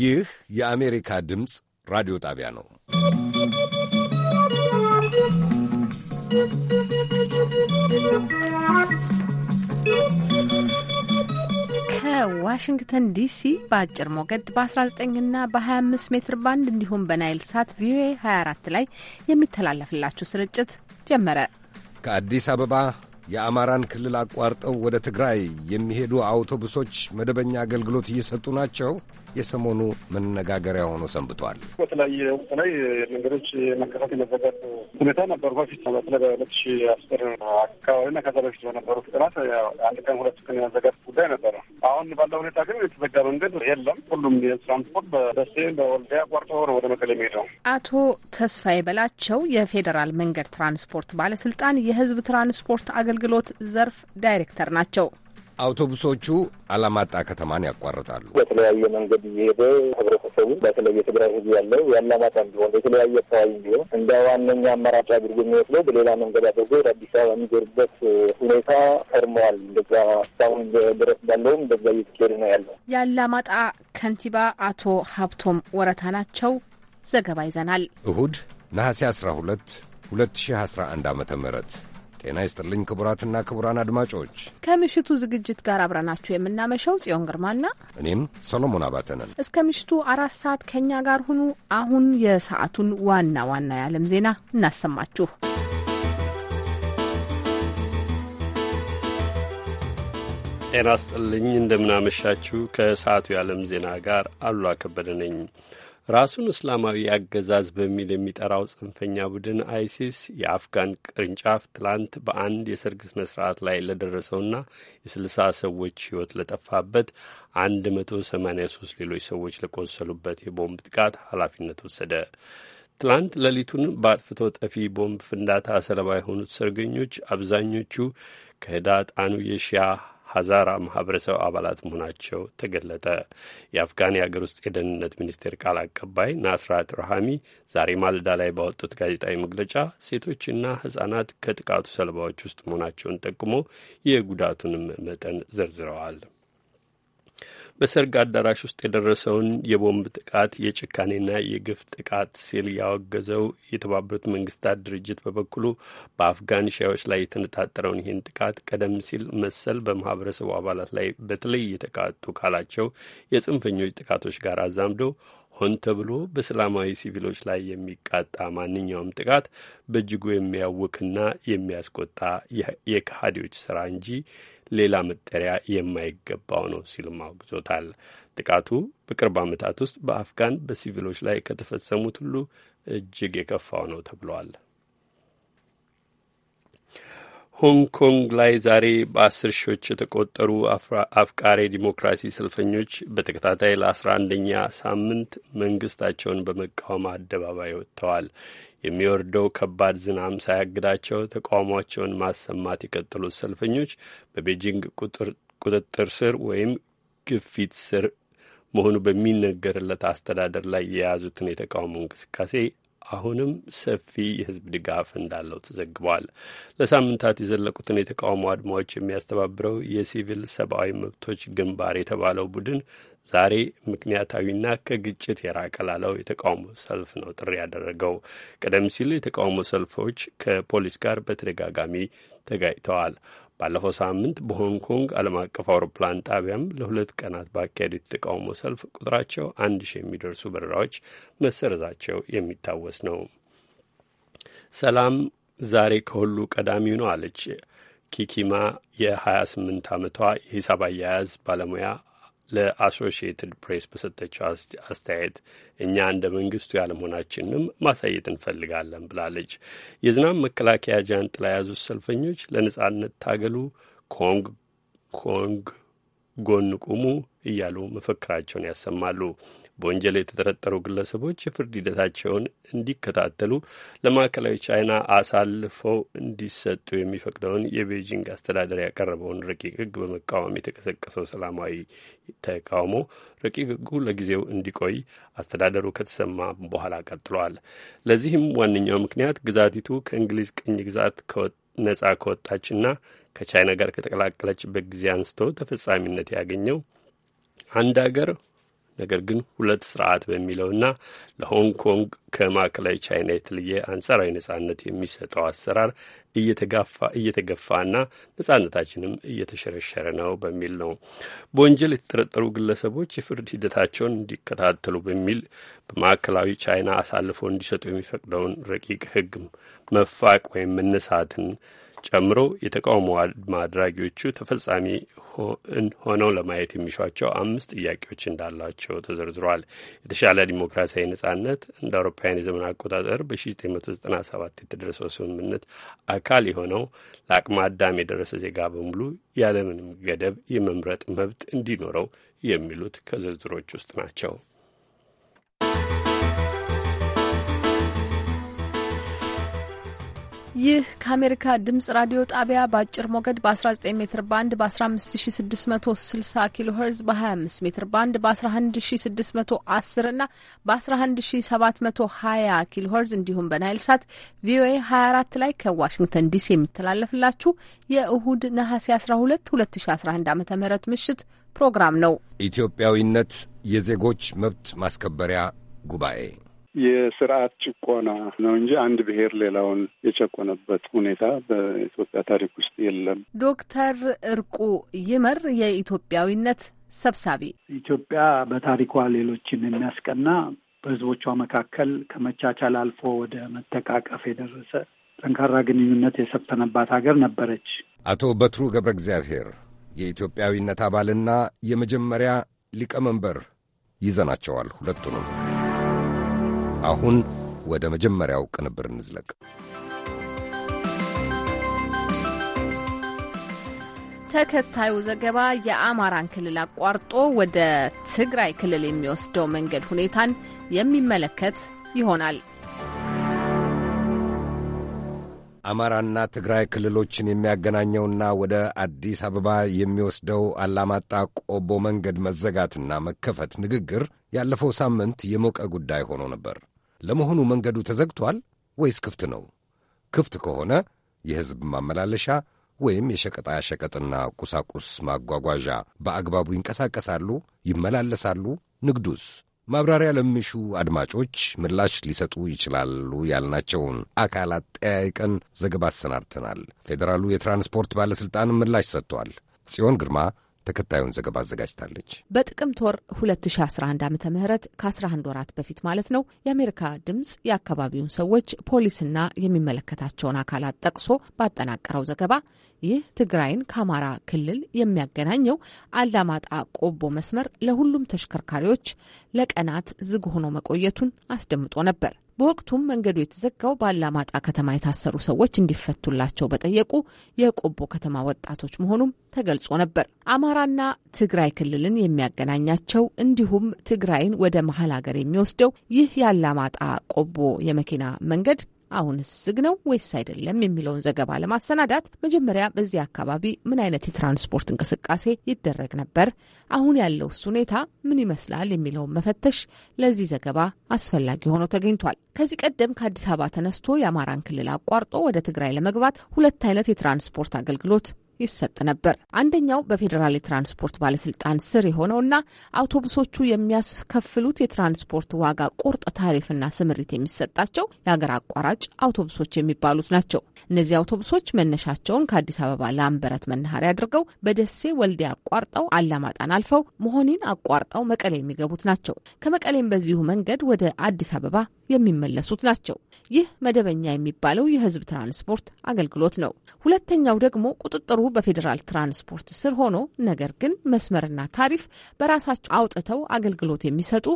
ይህ የአሜሪካ ድምፅ ራዲዮ ጣቢያ ነው። ከዋሽንግተን ዲሲ በአጭር ሞገድ በ19 እና በ25 ሜትር ባንድ እንዲሁም በናይል ሳት ቪኦኤ 24 ላይ የሚተላለፍላችሁ ስርጭት ጀመረ። ከአዲስ አበባ የአማራን ክልል አቋርጠው ወደ ትግራይ የሚሄዱ አውቶቡሶች መደበኛ አገልግሎት እየሰጡ ናቸው። የሰሞኑ መነጋገሪያ ሆኖ ሰንብቷል። በተለያየ ወቅት ላይ መንገዶች መከፈት የመዘጋት ሁኔታ ነበሩ። በፊት በተለይ በሁለት ሺ አስር ከዛ በፊት በነበሩት ቀናት አንድ ቀን ሁለት ቀን የመዘጋት ጉዳይ ነበረ። አሁን ባለው ሁኔታ ግን የተዘጋ መንገድ የለም። ሁሉም የትራንስፖርት በደሴ በወልዲያ ቆርጦ ነው ወደ መቀሌ የሚሄደው። አቶ ተስፋዬ በላቸው የፌዴራል መንገድ ትራንስፖርት ባለስልጣን የህዝብ ትራንስፖርት አገልግሎት ዘርፍ ዳይሬክተር ናቸው። አውቶቡሶቹ አላማጣ ከተማን ያቋርጣሉ። በተለያየ መንገድ እየሄደ ህብረተሰቡ በተለይ የትግራይ ህዝብ ያለው የአላማጣ እንዲሆን የተለያየ አካባቢ እንዲሆን እንደ ዋነኛ አማራጭ አድርጎ የሚወስደው በሌላ መንገድ አድርጎ ወደ አዲስ አበባ የሚገርበት ሁኔታ ቀርመዋል። እንደዛ እስካሁን ድረስ ባለውም እንደዛ እየተካሄደ ነው ያለው። የአላማጣ ከንቲባ አቶ ሀብቶም ወረታ ናቸው። ዘገባ ይዘናል። እሁድ ነሐሴ 12 2011 ዓ ም ጤና ይስጥልኝ ክቡራትና ክቡራን አድማጮች ከምሽቱ ዝግጅት ጋር አብረናችሁ የምናመሸው ጽዮን ግርማና እኔም ሰሎሞን አባተነን እስከ ምሽቱ አራት ሰዓት ከእኛ ጋር ሁኑ። አሁን የሰዓቱን ዋና ዋና የዓለም ዜና እናሰማችሁ። ጤና ስጥልኝ፣ እንደምናመሻችሁ። ከሰዓቱ የዓለም ዜና ጋር አሉላ ከበደ ነኝ። ራሱን እስላማዊ አገዛዝ በሚል የሚጠራው ጽንፈኛ ቡድን አይሲስ የአፍጋን ቅርንጫፍ ትላንት በአንድ የሰርግ ስነ ስርዓት ላይ ለደረሰውና የስልሳ ሰዎች ሕይወት ለጠፋበት አንድ መቶ ሰማኒያ ሶስት ሌሎች ሰዎች ለቆሰሉበት የቦምብ ጥቃት ኃላፊነት ወሰደ። ትላንት ሌሊቱን በአጥፍቶ ጠፊ ቦምብ ፍንዳታ ሰለባ የሆኑት ሰርገኞች አብዛኞቹ ከህዳጣኑ የሺያ ሀዛራ ማህበረሰብ አባላት መሆናቸው ተገለጠ። የአፍጋን የአገር ውስጥ የደህንነት ሚኒስቴር ቃል አቀባይ ናስራት ረሃሚ ዛሬ ማልዳ ላይ ባወጡት ጋዜጣዊ መግለጫ ሴቶችና ህጻናት ከጥቃቱ ሰለባዎች ውስጥ መሆናቸውን ጠቁሞ የጉዳቱንም መጠን ዘርዝረዋል። በሰርግ አዳራሽ ውስጥ የደረሰውን የቦምብ ጥቃት የጭካኔና የግፍ ጥቃት ሲል ያወገዘው የተባበሩት መንግስታት ድርጅት በበኩሉ በአፍጋን ሻዮች ላይ የተነጣጠረውን ይህን ጥቃት ቀደም ሲል መሰል በማህበረሰቡ አባላት ላይ በተለይ የተቃጡ ካላቸው የጽንፈኞች ጥቃቶች ጋር አዛምዶ ሆን ተብሎ በሰላማዊ ሲቪሎች ላይ የሚቃጣ ማንኛውም ጥቃት በእጅጉ የሚያውቅና የሚያስቆጣ የካሃዲዎች ስራ እንጂ ሌላ መጠሪያ የማይገባው ነው ሲልም አውግዞታል። ጥቃቱ በቅርብ ዓመታት ውስጥ በአፍጋን በሲቪሎች ላይ ከተፈጸሙት ሁሉ እጅግ የከፋው ነው ተብሏል። ሆንግ ኮንግ ላይ ዛሬ በአስር ሺዎች የተቆጠሩ አፍቃሪ ዲሞክራሲ ሰልፈኞች በተከታታይ ለአስራ አንደኛ ሳምንት መንግስታቸውን በመቃወም አደባባይ ወጥተዋል። የሚወርደው ከባድ ዝናም ሳያግዳቸው ተቃውሟቸውን ማሰማት የቀጠሉት ሰልፈኞች በቤጂንግ ቁጥጥር ስር ወይም ግፊት ስር መሆኑ በሚነገርለት አስተዳደር ላይ የያዙትን የተቃውሞ እንቅስቃሴ አሁንም ሰፊ የህዝብ ድጋፍ እንዳለው ተዘግቧል። ለሳምንታት የዘለቁትን የተቃውሞ አድማዎች የሚያስተባብረው የሲቪል ሰብአዊ መብቶች ግንባር የተባለው ቡድን ዛሬ ምክንያታዊና ከግጭት የራቀ ላለው የተቃውሞ ሰልፍ ነው ጥሪ ያደረገው። ቀደም ሲል የተቃውሞ ሰልፎች ከፖሊስ ጋር በተደጋጋሚ ተጋጭተዋል። ባለፈው ሳምንት በሆንግ ኮንግ ዓለም አቀፍ አውሮፕላን ጣቢያም ለሁለት ቀናት ባካሄዱት የተቃውሞ ሰልፍ ቁጥራቸው አንድ ሺህ የሚደርሱ በረራዎች መሰረዛቸው የሚታወስ ነው። ሰላም ዛሬ ከሁሉ ቀዳሚው ነው አለች ኪኪማ የ28 ዓመቷ የሂሳብ አያያዝ ባለሙያ ለአሶሺየትድ ፕሬስ በሰጠችው አስተያየት እኛ እንደ መንግስቱ ያለመሆናችንም ማሳየት እንፈልጋለን ብላለች። የዝናብ መከላከያ ጃንጥላ የያዙት ሰልፈኞች ለነጻነት ታገሉ፣ ኮንግ ኮንግ ጎን ቁሙ እያሉ መፈክራቸውን ያሰማሉ። በወንጀል የተጠረጠሩ ግለሰቦች የፍርድ ሂደታቸውን እንዲከታተሉ ለማዕከላዊ ቻይና አሳልፈው እንዲሰጡ የሚፈቅደውን የቤጂንግ አስተዳደር ያቀረበውን ረቂቅ ሕግ በመቃወም የተቀሰቀሰው ሰላማዊ ተቃውሞ ረቂቅ ሕጉ ለጊዜው እንዲቆይ አስተዳደሩ ከተሰማ በኋላ ቀጥሏል። ለዚህም ዋነኛው ምክንያት ግዛቲቱ ከእንግሊዝ ቅኝ ግዛት ነጻ ከወጣችና ከቻይና ጋር ከተቀላቀለችበት ጊዜ አንስቶ ተፈጻሚነት ያገኘው አንድ አገር ነገር ግን ሁለት ስርዓት በሚለውና ለሆንግ ኮንግ ከማዕከላዊ ቻይና የተለየ አንጻራዊ ነጻነት የሚሰጠው አሰራር እየተጋፋ እየተገፋና ነጻነታችንም እየተሸረሸረ ነው በሚል ነው። በወንጀል የተጠረጠሩ ግለሰቦች የፍርድ ሂደታቸውን እንዲከታተሉ በሚል በማዕከላዊ ቻይና አሳልፎ እንዲሰጡ የሚፈቅደውን ረቂቅ ሕግ መፋቅ ወይም መነሳትን ጨምሮ የተቃውሞ አድማ አድራጊዎቹ ተፈጻሚ ሆነው ለማየት የሚሿቸው አምስት ጥያቄዎች እንዳላቸው ተዘርዝሯል። የተሻለ ዲሞክራሲያዊ ነጻነት እንደ አውሮፓውያን የዘመን አቆጣጠር በ1997 የተደረሰው ስምምነት አካል የሆነው ለአቅመ አዳም የደረሰ ዜጋ በሙሉ ያለምንም ገደብ የመምረጥ መብት እንዲኖረው የሚሉት ከዝርዝሮች ውስጥ ናቸው። ይህ ከአሜሪካ ድምጽ ራዲዮ ጣቢያ በአጭር ሞገድ በ19 ሜትር ባንድ በ15660 ኪሎ ሄርዝ በ25 ሜትር ባንድ በ11610 እና በ11720 ኪሎ ሄርዝ እንዲሁም በናይል ሳት ቪኦኤ 24 ላይ ከዋሽንግተን ዲሲ የሚተላለፍላችሁ የእሁድ ነሐሴ 12 2011 ዓ ም ምሽት ፕሮግራም ነው። ኢትዮጵያዊነት የዜጎች መብት ማስከበሪያ ጉባኤ የስርዓት ጭቆና ነው እንጂ አንድ ብሔር ሌላውን የጨቆነበት ሁኔታ በኢትዮጵያ ታሪክ ውስጥ የለም። ዶክተር እርቁ ይመር የኢትዮጵያዊነት ሰብሳቢ፣ ኢትዮጵያ በታሪኳ ሌሎችን የሚያስቀና በህዝቦቿ መካከል ከመቻቻል አልፎ ወደ መተቃቀፍ የደረሰ ጠንካራ ግንኙነት የሰፈነባት ሀገር ነበረች። አቶ በትሩ ገብረ እግዚአብሔር የኢትዮጵያዊነት አባልና የመጀመሪያ ሊቀመንበር ይዘናቸዋል ሁለቱንም። አሁን ወደ መጀመሪያው ቅንብር እንዝለቅ። ተከታዩ ዘገባ የአማራን ክልል አቋርጦ ወደ ትግራይ ክልል የሚወስደው መንገድ ሁኔታን የሚመለከት ይሆናል። አማራና ትግራይ ክልሎችን የሚያገናኘውና ወደ አዲስ አበባ የሚወስደው አላማጣ ቆቦ መንገድ መዘጋትና መከፈት ንግግር ያለፈው ሳምንት የሞቀ ጉዳይ ሆኖ ነበር። ለመሆኑ መንገዱ ተዘግቷል ወይስ ክፍት ነው? ክፍት ከሆነ የሕዝብ ማመላለሻ ወይም የሸቀጣ ሸቀጥና ቁሳቁስ ማጓጓዣ በአግባቡ ይንቀሳቀሳሉ? ይመላለሳሉ? ንግዱስ? ማብራሪያ ለሚሹ አድማጮች ምላሽ ሊሰጡ ይችላሉ ያልናቸውን አካላት ጠያይቀን ዘገባ አሰናድተናል። ፌዴራሉ የትራንስፖርት ባለሥልጣን ምላሽ ሰጥቷል። ጽዮን ግርማ ተከታዩን ዘገባ አዘጋጅታለች። በጥቅምት ወር 2011 ዓ ም ከ11 ወራት በፊት ማለት ነው የአሜሪካ ድምፅ የአካባቢውን ሰዎች ፖሊስና የሚመለከታቸውን አካላት ጠቅሶ ባጠናቀረው ዘገባ ይህ ትግራይን ከአማራ ክልል የሚያገናኘው አላማጣ ቆቦ መስመር ለሁሉም ተሽከርካሪዎች ለቀናት ዝግ ሆኖ መቆየቱን አስደምጦ ነበር። በወቅቱም መንገዱ የተዘጋው በአላማጣ ከተማ የታሰሩ ሰዎች እንዲፈቱላቸው በጠየቁ የቆቦ ከተማ ወጣቶች መሆኑም ተገልጾ ነበር። አማራና ትግራይ ክልልን የሚያገናኛቸው እንዲሁም ትግራይን ወደ መሀል ሀገር የሚወስደው ይህ የአላማጣ ቆቦ የመኪና መንገድ አሁንስ ዝግ ነው ወይስ አይደለም የሚለውን ዘገባ ለማሰናዳት መጀመሪያ በዚህ አካባቢ ምን አይነት የትራንስፖርት እንቅስቃሴ ይደረግ ነበር፣ አሁን ያለውስ ሁኔታ ምን ይመስላል የሚለውን መፈተሽ ለዚህ ዘገባ አስፈላጊ ሆኖ ተገኝቷል። ከዚህ ቀደም ከአዲስ አበባ ተነስቶ የአማራን ክልል አቋርጦ ወደ ትግራይ ለመግባት ሁለት አይነት የትራንስፖርት አገልግሎት ይሰጥ ነበር። አንደኛው በፌዴራል የትራንስፖርት ባለስልጣን ስር የሆነውና አውቶቡሶቹ የሚያስከፍሉት የትራንስፖርት ዋጋ ቁርጥ ታሪፍና ስምሪት የሚሰጣቸው የሀገር አቋራጭ አውቶቡሶች የሚባሉት ናቸው። እነዚህ አውቶቡሶች መነሻቸውን ከአዲስ አበባ ላምበረት መናኸሪያ አድርገው በደሴ ወልዴ አቋርጠው አላማጣን አልፈው መሆኒን አቋርጠው መቀሌ የሚገቡት ናቸው። ከመቀሌም በዚሁ መንገድ ወደ አዲስ አበባ የሚመለሱት ናቸው። ይህ መደበኛ የሚባለው የህዝብ ትራንስፖርት አገልግሎት ነው። ሁለተኛው ደግሞ ቁጥጥሩ በፌዴራል ትራንስፖርት ስር ሆኖ ነገር ግን መስመርና ታሪፍ በራሳቸው አውጥተው አገልግሎት የሚሰጡ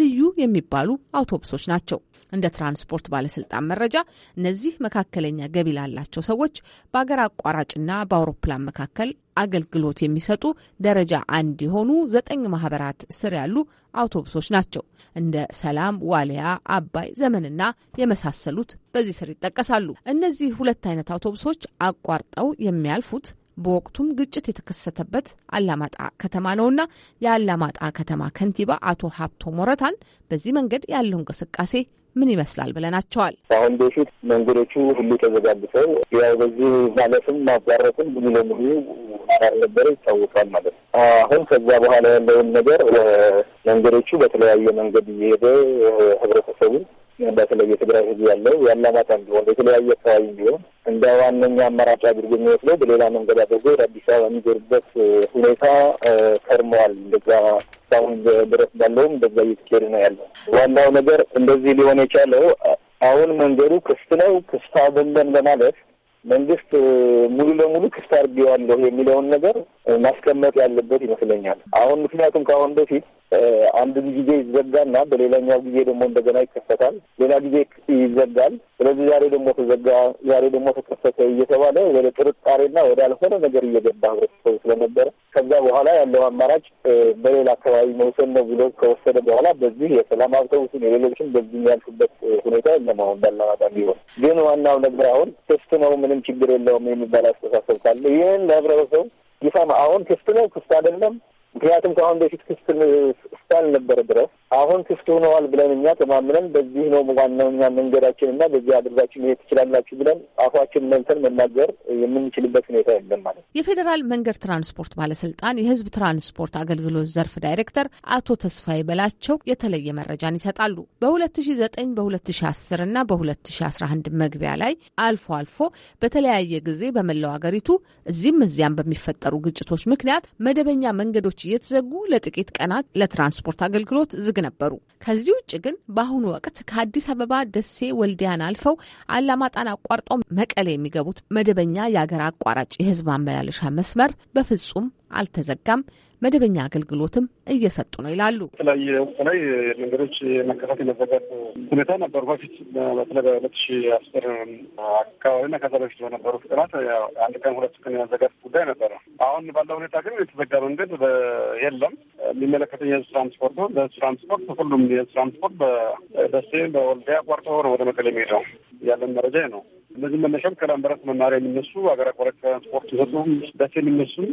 ልዩ የሚባሉ አውቶቡሶች ናቸው። እንደ ትራንስፖርት ባለስልጣን መረጃ እነዚህ መካከለኛ ገቢ ላላቸው ሰዎች በአገር አቋራጭና በአውሮፕላን መካከል አገልግሎት የሚሰጡ ደረጃ አንድ የሆኑ ዘጠኝ ማህበራት ስር ያሉ አውቶቡሶች ናቸው። እንደ ሰላም፣ ዋሊያ፣ አባይ፣ ዘመንና የመሳሰሉት በዚህ ስር ይጠቀሳሉ። እነዚህ ሁለት አይነት አውቶቡሶች አቋርጠው የሚያልፉት በወቅቱም ግጭት የተከሰተበት አላማጣ ከተማ ነውና የአላማጣ ከተማ ከንቲባ አቶ ሀብቶ ሞረታን በዚህ መንገድ ያለው እንቅስቃሴ ምን ይመስላል ብለናቸዋል። አሁን በፊት መንገዶቹ ሁሉ ተዘጋግተው ያው በዚህ ማለትም ማቋረጥም ብዙ ለሙሉ ነበረ ይታወቃል ማለት ነው። አሁን ከዛ በኋላ ያለውን ነገር መንገዶቹ በተለያየ መንገድ እየሄደ ህብረተሰቡን በተለይ የትግራይ ህዝብ ያለው የአላማጣም ቢሆን የተለያየ አካባቢ ቢሆን እንደ ዋነኛ አማራጭ አድርጎ የሚወስደው በሌላ መንገድ አድርጎ ወደ አዲስ አበባ የሚገሩበት ሁኔታ ከርመዋል። እንደዛ እስካሁን ድረስ ባለውም እንደዛ እየተካሄደ ነው ያለው። ዋናው ነገር እንደዚህ ሊሆን የቻለው አሁን መንገዱ ክፍት ነው ክፍት አይደለም ለማለት መንግስት ሙሉ ለሙሉ ክፍት አድርጌዋለሁ የሚለውን ነገር ማስቀመጥ ያለበት ይመስለኛል። አሁን ምክንያቱም ከአሁን በፊት አንድ ጊዜ ይዘጋና በሌላኛው ጊዜ ደግሞ እንደገና ይከፈታል፣ ሌላ ጊዜ ይዘጋል። ስለዚህ ዛሬ ደግሞ ተዘጋ፣ ዛሬ ደግሞ ተከፈተ እየተባለ ወደ ጥርጣሬና ወደ አልሆነ ነገር እየገባ ህብረተሰቡ ስለነበረ ከዛ በኋላ ያለው አማራጭ በሌላ አካባቢ መውሰድ ነው ብሎ ከወሰደ በኋላ በዚህ የሰላም አውቶቡስን የሌሎችን በዚህ የሚያልፉበት ሁኔታ የለም። አሁን ባላማጣ ቢሆን ግን ዋናው ነገር አሁን ቴስት ነው ምንም ችግር የለውም የሚባል አስተሳሰብ ካለ ይህን ለህብረተሰቡ ጌታ አሁን ክስት ነው ክስት አይደለም ምክንያቱም ከአሁን በፊት ክፍት እስካልነበረ ድረስ አሁን ክፍት ሆነዋል ብለን እኛ ተማምነን በዚህ ነው ዋናኛ መንገዳችን እና በዚህ አድርጋችን መሄድ ትችላላችሁ ብለን አፏችን መንተን መናገር የምንችልበት ሁኔታ የለም ማለት ነው። የፌዴራል መንገድ ትራንስፖርት ባለስልጣን የህዝብ ትራንስፖርት አገልግሎት ዘርፍ ዳይሬክተር አቶ ተስፋዬ በላቸው የተለየ መረጃን ይሰጣሉ። በ2009 በ2010 እና በ2011 መግቢያ ላይ አልፎ አልፎ በተለያየ ጊዜ በመላው አገሪቱ እዚህም እዚያም በሚፈጠሩ ግጭቶች ምክንያት መደበኛ መንገዶች መንገዶች እየተዘጉ ለጥቂት ቀናት ለትራንስፖርት አገልግሎት ዝግ ነበሩ። ከዚህ ውጭ ግን በአሁኑ ወቅት ከአዲስ አበባ ደሴ፣ ወልዲያን አልፈው አላማጣን አቋርጠው መቀሌ የሚገቡት መደበኛ የአገር አቋራጭ የህዝብ አመላለሻ መስመር በፍጹም አልተዘጋም። መደበኛ አገልግሎትም እየሰጡ ነው ይላሉ። በተለያየ ወቅት ላይ መንገዶች የመከፈት የመዘጋት ሁኔታ ነበሩ። በፊት በተለይ በሁለት ሺ አስር አካባቢና ከዛ በፊት በነበሩ ፍጥናት አንድ ቀን ሁለት ቀን የመዘጋት ጉዳይ ነበረ። አሁን ባለው ሁኔታ ግን የተዘጋ መንገድ የለም። የሚመለከተኝ የህዝብ ትራንስፖርት ነው። በህዝብ ትራንስፖርት ሁሉም የህዝብ ትራንስፖርት በደሴ በወልዲያ ቆርጦ ወደ መቀሌ የሚሄደው ያለን መረጃ ነው። እነዚህ መነሻም ከላምበረት መናሪያ የሚነሱ ሀገር አቋራጭ ትራንስፖርት ይሰጡ ደሴ የሚነሱም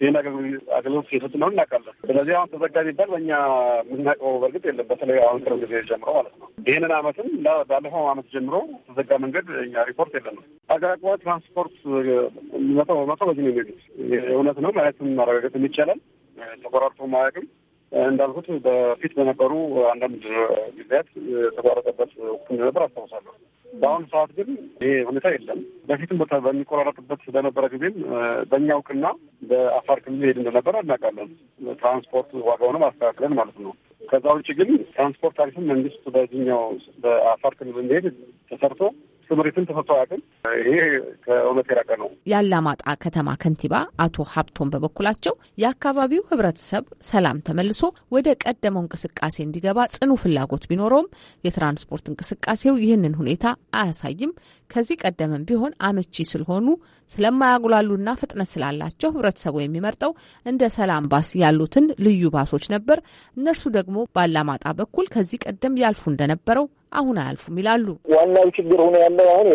ይህን አገልግሎት ብዙዎች የፈትነው እናውቃለን። ስለዚህ አሁን ተዘጋ የሚባል በእኛ የምናውቀው በእርግጥ የለም። በተለይ አሁን ቅርብ ጊዜ ጀምሮ ማለት ነው። ይህንን አመትም ባለፈው አመት ጀምሮ ተዘጋ መንገድ እኛ ሪፖርት የለንም። አገር አቋ ትራንስፖርት መቶ በመቶ በዚህ ነው የሚሄዱት። እውነት ነው ማለትም ማረጋገጥ የሚቻላል ተቆራርጦ ማያውቅም እንዳልኩት በፊት በነበሩ አንዳንድ ጊዜያት የተቋረጠበት ወቅት እንደነበር አስታውሳለሁ። በአሁኑ ሰዓት ግን ይሄ ሁኔታ የለም። በፊትም በሚቆራረጥበት በነበረ ጊዜም በእኛ እውቅና በአፋር ክልል ሄድ እንደነበረ እናውቃለን። ትራንስፖርት ዋጋውንም አስተካክለን ማለት ነው። ከዛ ውጭ ግን ትራንስፖርት ታሪፍም መንግስት በዚህኛው በአፋር ክልል እንደሄድ ተሰርቶ ስምሪትን ተሰጥቶ አያውቅም። ይሄ ከእውነት የራቀ ነው። የአላማጣ ከተማ ከንቲባ አቶ ሀብቶን በበኩላቸው የአካባቢው ህብረተሰብ ሰላም ተመልሶ ወደ ቀደመው እንቅስቃሴ እንዲገባ ጽኑ ፍላጎት ቢኖረውም የትራንስፖርት እንቅስቃሴው ይህንን ሁኔታ አያሳይም። ከዚህ ቀደምም ቢሆን አመቺ ስለሆኑ ስለማያጉላሉና ፍጥነት ስላላቸው ህብረተሰቡ የሚመርጠው እንደ ሰላም ባስ ያሉትን ልዩ ባሶች ነበር። እነርሱ ደግሞ በአላማጣ በኩል ከዚህ ቀደም ያልፉ እንደነበረው አሁን አያልፉም ይላሉ። ዋናው ችግር ሆኖ ያለው አሁን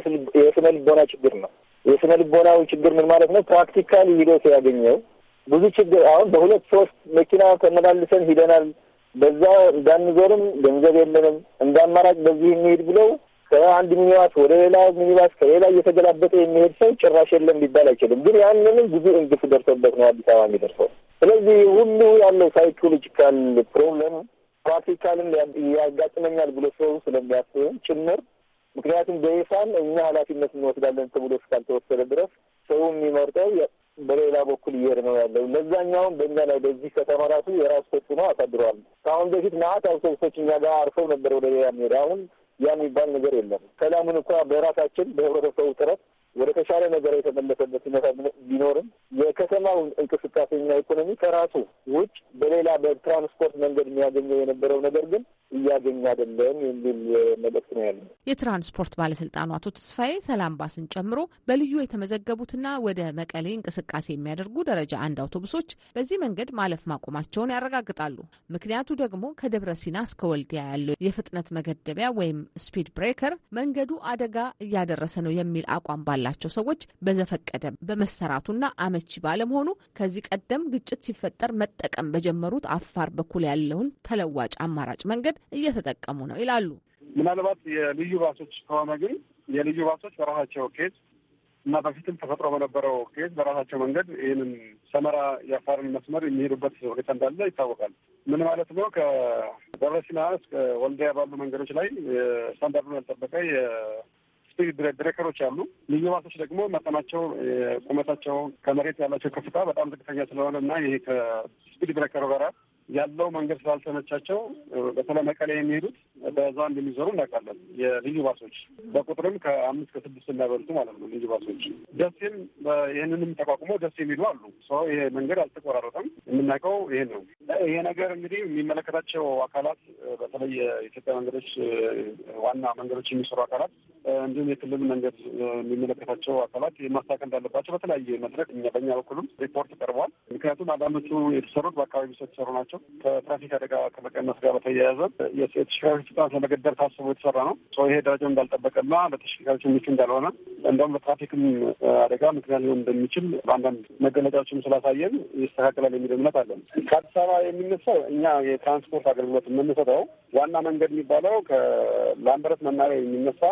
የስነ ልቦና ችግር ነው። የስነ ልቦናዊ ችግር ምን ማለት ነው? ፕራክቲካሊ ሂዶ ያገኘው ብዙ ችግር አሁን በሁለት ሶስት መኪና ተመላልሰን ሂደናል። በዛ እንዳንዞርም ገንዘብ የለንም፣ እንደ አማራጭ በዚህ የሚሄድ ብለው ከአንድ ሚኒባስ ወደ ሌላ ሚኒባስ ከሌላ እየተገላበጠ የሚሄድ ሰው ጭራሽ የለም ሊባል አይችልም። ግን ያንንም ብዙ እንግፍ ደርሶበት ነው አዲስ አበባ የሚደርሰው። ስለዚህ ሁሉ ያለው ሳይኮሎጂካል ፕሮብለም ፖለቲካልም ያጋጥመኛል ብሎ ሰው ስለሚያስብም ጭምር ምክንያቱም በይፋን እኛ ኃላፊነት እንወስዳለን ተብሎ እስካልተወሰደ ድረስ ሰው የሚመርጠው በሌላ በኩል እየሄድ ነው ያለው። ለዛኛውም በእኛ ላይ በዚህ ከተማ ራሱ የራሱ ተጽዕኖ አሳድረዋል። ከአሁን በፊት ናት አውቶቡሶች እኛ ጋር አርፈው ነበር ወደ ሌላ ሚሄድ አሁን ያ የሚባል ነገር የለም። ሰላምን እኳ በራሳችን በህብረተሰቡ ጥረት ወደ ተሻለ ነገር የተመለሰበት ሁኔታ ቢኖርም የከተማው እንቅስቃሴና ኢኮኖሚ ከራሱ ውጭ በሌላ በትራንስፖርት መንገድ የሚያገኘው የነበረው ነገር ግን እያገኘ አይደለም የሚል መልእክት ነው ያለ የትራንስፖርት ባለስልጣኑ አቶ ተስፋዬ ሰላም ባስን ጨምሮ በልዩ የተመዘገቡትና ወደ መቀሌ እንቅስቃሴ የሚያደርጉ ደረጃ አንድ አውቶቡሶች በዚህ መንገድ ማለፍ ማቆማቸውን ያረጋግጣሉ። ምክንያቱ ደግሞ ከደብረ ሲና እስከ ወልዲያ ያለው የፍጥነት መገደቢያ ወይም ስፒድ ብሬከር መንገዱ አደጋ እያደረሰ ነው የሚል አቋም ባለ ያላቸው ሰዎች በዘፈቀደ በመሰራቱና አመቺ ባለመሆኑ ከዚህ ቀደም ግጭት ሲፈጠር መጠቀም በጀመሩት አፋር በኩል ያለውን ተለዋጭ አማራጭ መንገድ እየተጠቀሙ ነው ይላሉ። ምናልባት የልዩ ባሶች ከሆነ ግን የልዩ ባሶች በራሳቸው ኬዝ እና በፊትም ተፈጥሮ በነበረው ኬዝ በራሳቸው መንገድ ይህንን ሰመራ የአፋርን መስመር የሚሄዱበት ሁኔታ እንዳለ ይታወቃል። ምን ማለት ነው? ከደብረ እስከ ወልዲያ ባሉ መንገዶች ላይ ስታንዳርዱን ያልጠበቀ ስፒድ ብሬከሮች አሉ። ልዩ ባሶች ደግሞ መጠናቸው ቁመታቸው ከመሬት ያላቸው ከፍታ በጣም ዝቅተኛ ስለሆነ እና ይሄ ከስፒድ ብሬከሩ ጋራ ያለው መንገድ ስላልተመቻቸው በተለይ መቀሌ የሚሄዱት በዛ እንደሚዞሩ እናውቃለን። የልዩ ባሶች በቁጥርም ከአምስት ከስድስት የሚያበሉት ማለት ነው። ልዩ ባሶች ደሴም ይህንንም ተቋቁሞ ደስ የሚሉ አሉ። ሰው ይሄ መንገድ አልተቆራረጠም። የምናውቀው ይሄን ነው። ይሄ ነገር እንግዲህ የሚመለከታቸው አካላት በተለይ የኢትዮጵያ መንገዶች ዋና መንገዶች የሚሰሩ አካላት እንዲሁም የክልል መንገድ የሚመለከታቸው አካላት ማስተካከል እንዳለባቸው በተለያየ መድረክ በእኛ በኩልም ሪፖርት ቀርቧል። ምክንያቱም አንዳንዶቹ የተሰሩት በአካባቢ ሰው የተሰሩ ናቸው ናቸው። ከትራፊክ አደጋ ከመቀነስ ጋር በተያያዘ የተሽከርካሪዎች ፍጥነት ለመገደብ ታስቦ የተሰራ ነው። ሰው ይሄ ደረጃ እንዳልጠበቀና ለተሽከርካሪዎች የሚችል እንዳልሆነ እንዲሁም በትራፊክም አደጋ ምክንያት ሊሆን እንደሚችል በአንዳንድ መገለጫዎችም ስላሳየን ይስተካከላል የሚል እምነት አለን። ከአዲስ አበባ የሚነሳው እኛ የትራንስፖርት አገልግሎት የምንሰጠው ዋና መንገድ የሚባለው ከላምበረት መናሪያ የሚነሳ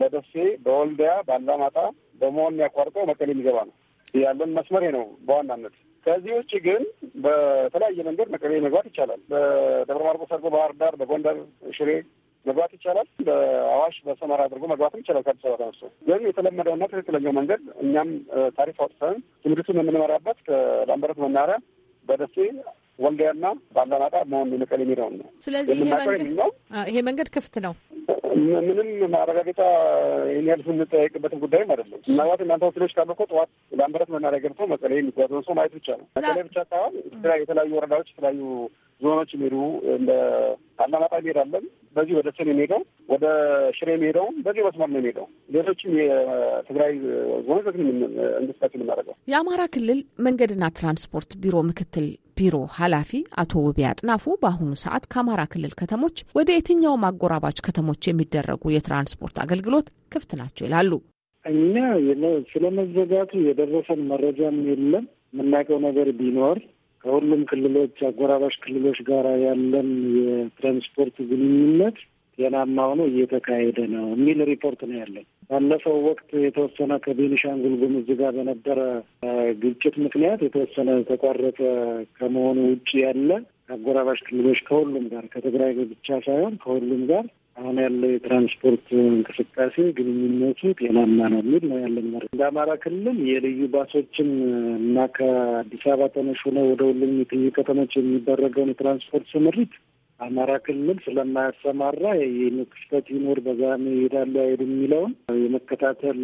በደሴ፣ በወልዲያ፣ በአላማጣ በመሆን የሚያቋርጠው መቀሌ የሚገባ ነው ያለን መስመር ነው በዋናነት ከዚህ ውጭ ግን በተለያየ መንገድ መቀሌ መግባት ይቻላል። በደብረ ማርቆስ አድርጎ ባህር ዳር፣ በጎንደር ሽሬ መግባት ይቻላል። በአዋሽ በሰመራ አድርጎ መግባትም ይቻላል። ከአዲስ አበባ ተነስቶ ስለዚህ የተለመደውና ትክክለኛው መንገድ እኛም ታሪፍ አውጥተን ትምህርቱን የምንመራበት ከላምበረት መናኸሪያ በደሴ ወልዲያና ባላማጣ መሆን መቀሌ የሚለውን ነው። ስለዚህ ይሄ መንገድ ክፍት ነው። ምንም ማረጋገጫ የሚያልሱ የምንጠያይቅበትን ጉዳይም አይደለም። ምናልባት እናንተ ወኪሎች ካሉ እኮ ጠዋት ለአንበረት መናሪያ ገብቶ መቀሌ የሚጓዘውን ሰው ማየት ብቻ ነው። መቀሌ ብቻ ሳይሆን የተለያዩ ወረዳዎች የተለያዩ ዞኖች የሚሄዱ እንደ አላማጣ በዚህ ወደ ሰሜን የሚሄደው ወደ ሽሬ የሚሄደው በዚህ መስመር ነው የሚሄደው። ሌሎችም የትግራይ ዞኖች እንድስቃሴ የምናደርገው የአማራ ክልል መንገድና ትራንስፖርት ቢሮ ምክትል ቢሮ ኃላፊ አቶ ውቤ አጥናፉ በአሁኑ ሰዓት ከአማራ ክልል ከተሞች ወደ የትኛው አጎራባች ከተሞች የሚደረጉ የትራንስፖርት አገልግሎት ክፍት ናቸው ይላሉ። እኛ ስለመዘጋቱ የደረሰን መረጃም የለም። የምናውቀው ነገር ቢኖር ከሁሉም ክልሎች አጎራባሽ ክልሎች ጋር ያለን የትራንስፖርት ግንኙነት ጤናማ ሆኖ እየተካሄደ ነው የሚል ሪፖርት ነው ያለን። ባለፈው ወቅት የተወሰነ ከቤኒሻንጉል ጉሙዝ ጋር በነበረ ግጭት ምክንያት የተወሰነ ተቋረጠ ከመሆኑ ውጭ ያለ አጎራባሽ ክልሎች ከሁሉም ጋር ከትግራይ ብቻ ሳይሆን ከሁሉም ጋር አሁን ያለው የትራንስፖርት እንቅስቃሴ ግንኙነቱ ጤናማ ነው የሚል ነው ያለን መ እንደ አማራ ክልል የልዩ ባሶችን እና ከአዲስ አበባ ተነሽ ሆነ ወደ ሁሉም የትልቅ ከተሞች የሚደረገውን የትራንስፖርት ስምሪት አማራ ክልል ስለማያሰማራ ይህን ክፍተት ይኖር በዛም ይሄዳሉ አይሄዱም የሚለውን የመከታተል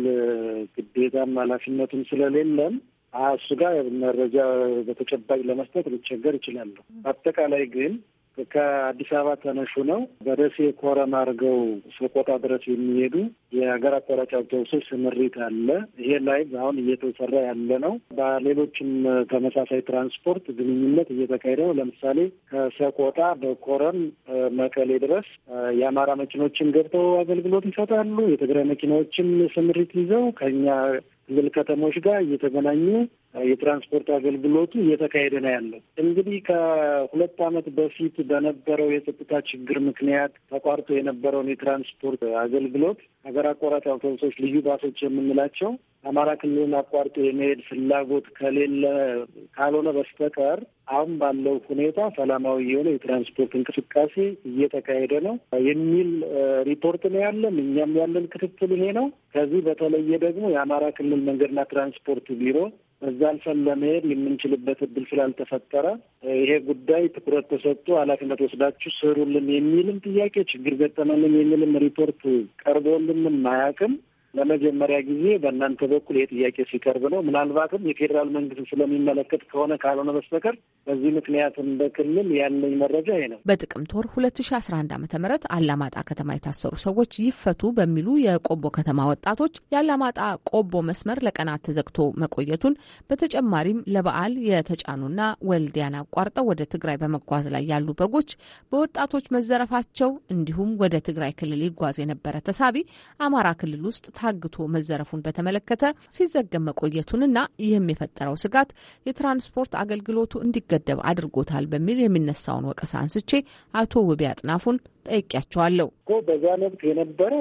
ግዴታም ኃላፊነቱም ስለሌለን እሱ ጋር መረጃ በተጨባጭ ለመስጠት ልቸገር ይችላለሁ። አጠቃላይ ግን ከአዲስ አበባ ተነሹ ነው በደሴ ኮረም አድርገው ሰቆጣ ድረስ የሚሄዱ የሀገር አቋራጭ አውቶቡሶች ስምሪት አለ። ይሄ ላይ አሁን እየተሰራ ያለ ነው። በሌሎችም ተመሳሳይ ትራንስፖርት ግንኙነት እየተካሄደ ነው። ለምሳሌ ከሰቆጣ በኮረም መቀሌ ድረስ የአማራ መኪኖችን ገብተው አገልግሎት ይሰጣሉ። የትግራይ መኪናዎችም ስምሪት ይዘው ከኛ ክልል ከተሞች ጋር እየተገናኙ የትራንስፖርት አገልግሎቱ እየተካሄደ ነው ያለው። እንግዲህ ከሁለት ዓመት በፊት በነበረው የጸጥታ ችግር ምክንያት ተቋርጦ የነበረውን የትራንስፖርት አገልግሎት ሀገር አቋራጭ አውቶቡሶች ልዩ ባሶች የምንላቸው አማራ ክልልን አቋርጦ የመሄድ ፍላጎት ከሌለ ካልሆነ በስተቀር አሁን ባለው ሁኔታ ሰላማዊ የሆነ የትራንስፖርት እንቅስቃሴ እየተካሄደ ነው የሚል ሪፖርት ነው ያለን። እኛም ያለን ክትትል ይሄ ነው። ከዚህ በተለየ ደግሞ የአማራ ክልል መንገድና ትራንስፖርት ቢሮ እዛ አልፈን ለመሄድ የምንችልበት እድል ስላልተፈጠረ ይሄ ጉዳይ ትኩረት ተሰጥቶ ኃላፊነት ወስዳችሁ ስሩልን የሚልም ጥያቄ ችግር ገጠመልን የሚልም ሪፖርት ቀርቦልንም አያውቅም። ለመጀመሪያ ጊዜ በእናንተ በኩል ይሄ ጥያቄ ሲቀርብ ነው። ምናልባትም የፌዴራል መንግስት ስለሚመለከት ከሆነ ካልሆነ በስተቀር በዚህ ምክንያት በክልል ያለኝ መረጃ ይሄ ነው። በጥቅምት ወር ሁለት ሺ አስራ አንድ አመተ ምህረት አላማጣ ከተማ የታሰሩ ሰዎች ይፈቱ በሚሉ የቆቦ ከተማ ወጣቶች የአላማጣ ቆቦ መስመር ለቀናት ተዘግቶ መቆየቱን በተጨማሪም ለበዓል የተጫኑና ወልዲያን አቋርጠው ወደ ትግራይ በመጓዝ ላይ ያሉ በጎች በወጣቶች መዘረፋቸው እንዲሁም ወደ ትግራይ ክልል ይጓዝ የነበረ ተሳቢ አማራ ክልል ውስጥ ታግቶ መዘረፉን በተመለከተ ሲዘገብ መቆየቱንና ይህም የፈጠረው ስጋት የትራንስፖርት አገልግሎቱ እንዲገደብ አድርጎታል በሚል የሚነሳውን ወቀሳ አንስቼ አቶ ውቤ አጥናፉን ጠይቄያቸዋለሁ እኮ በዛን ወቅት የነበረ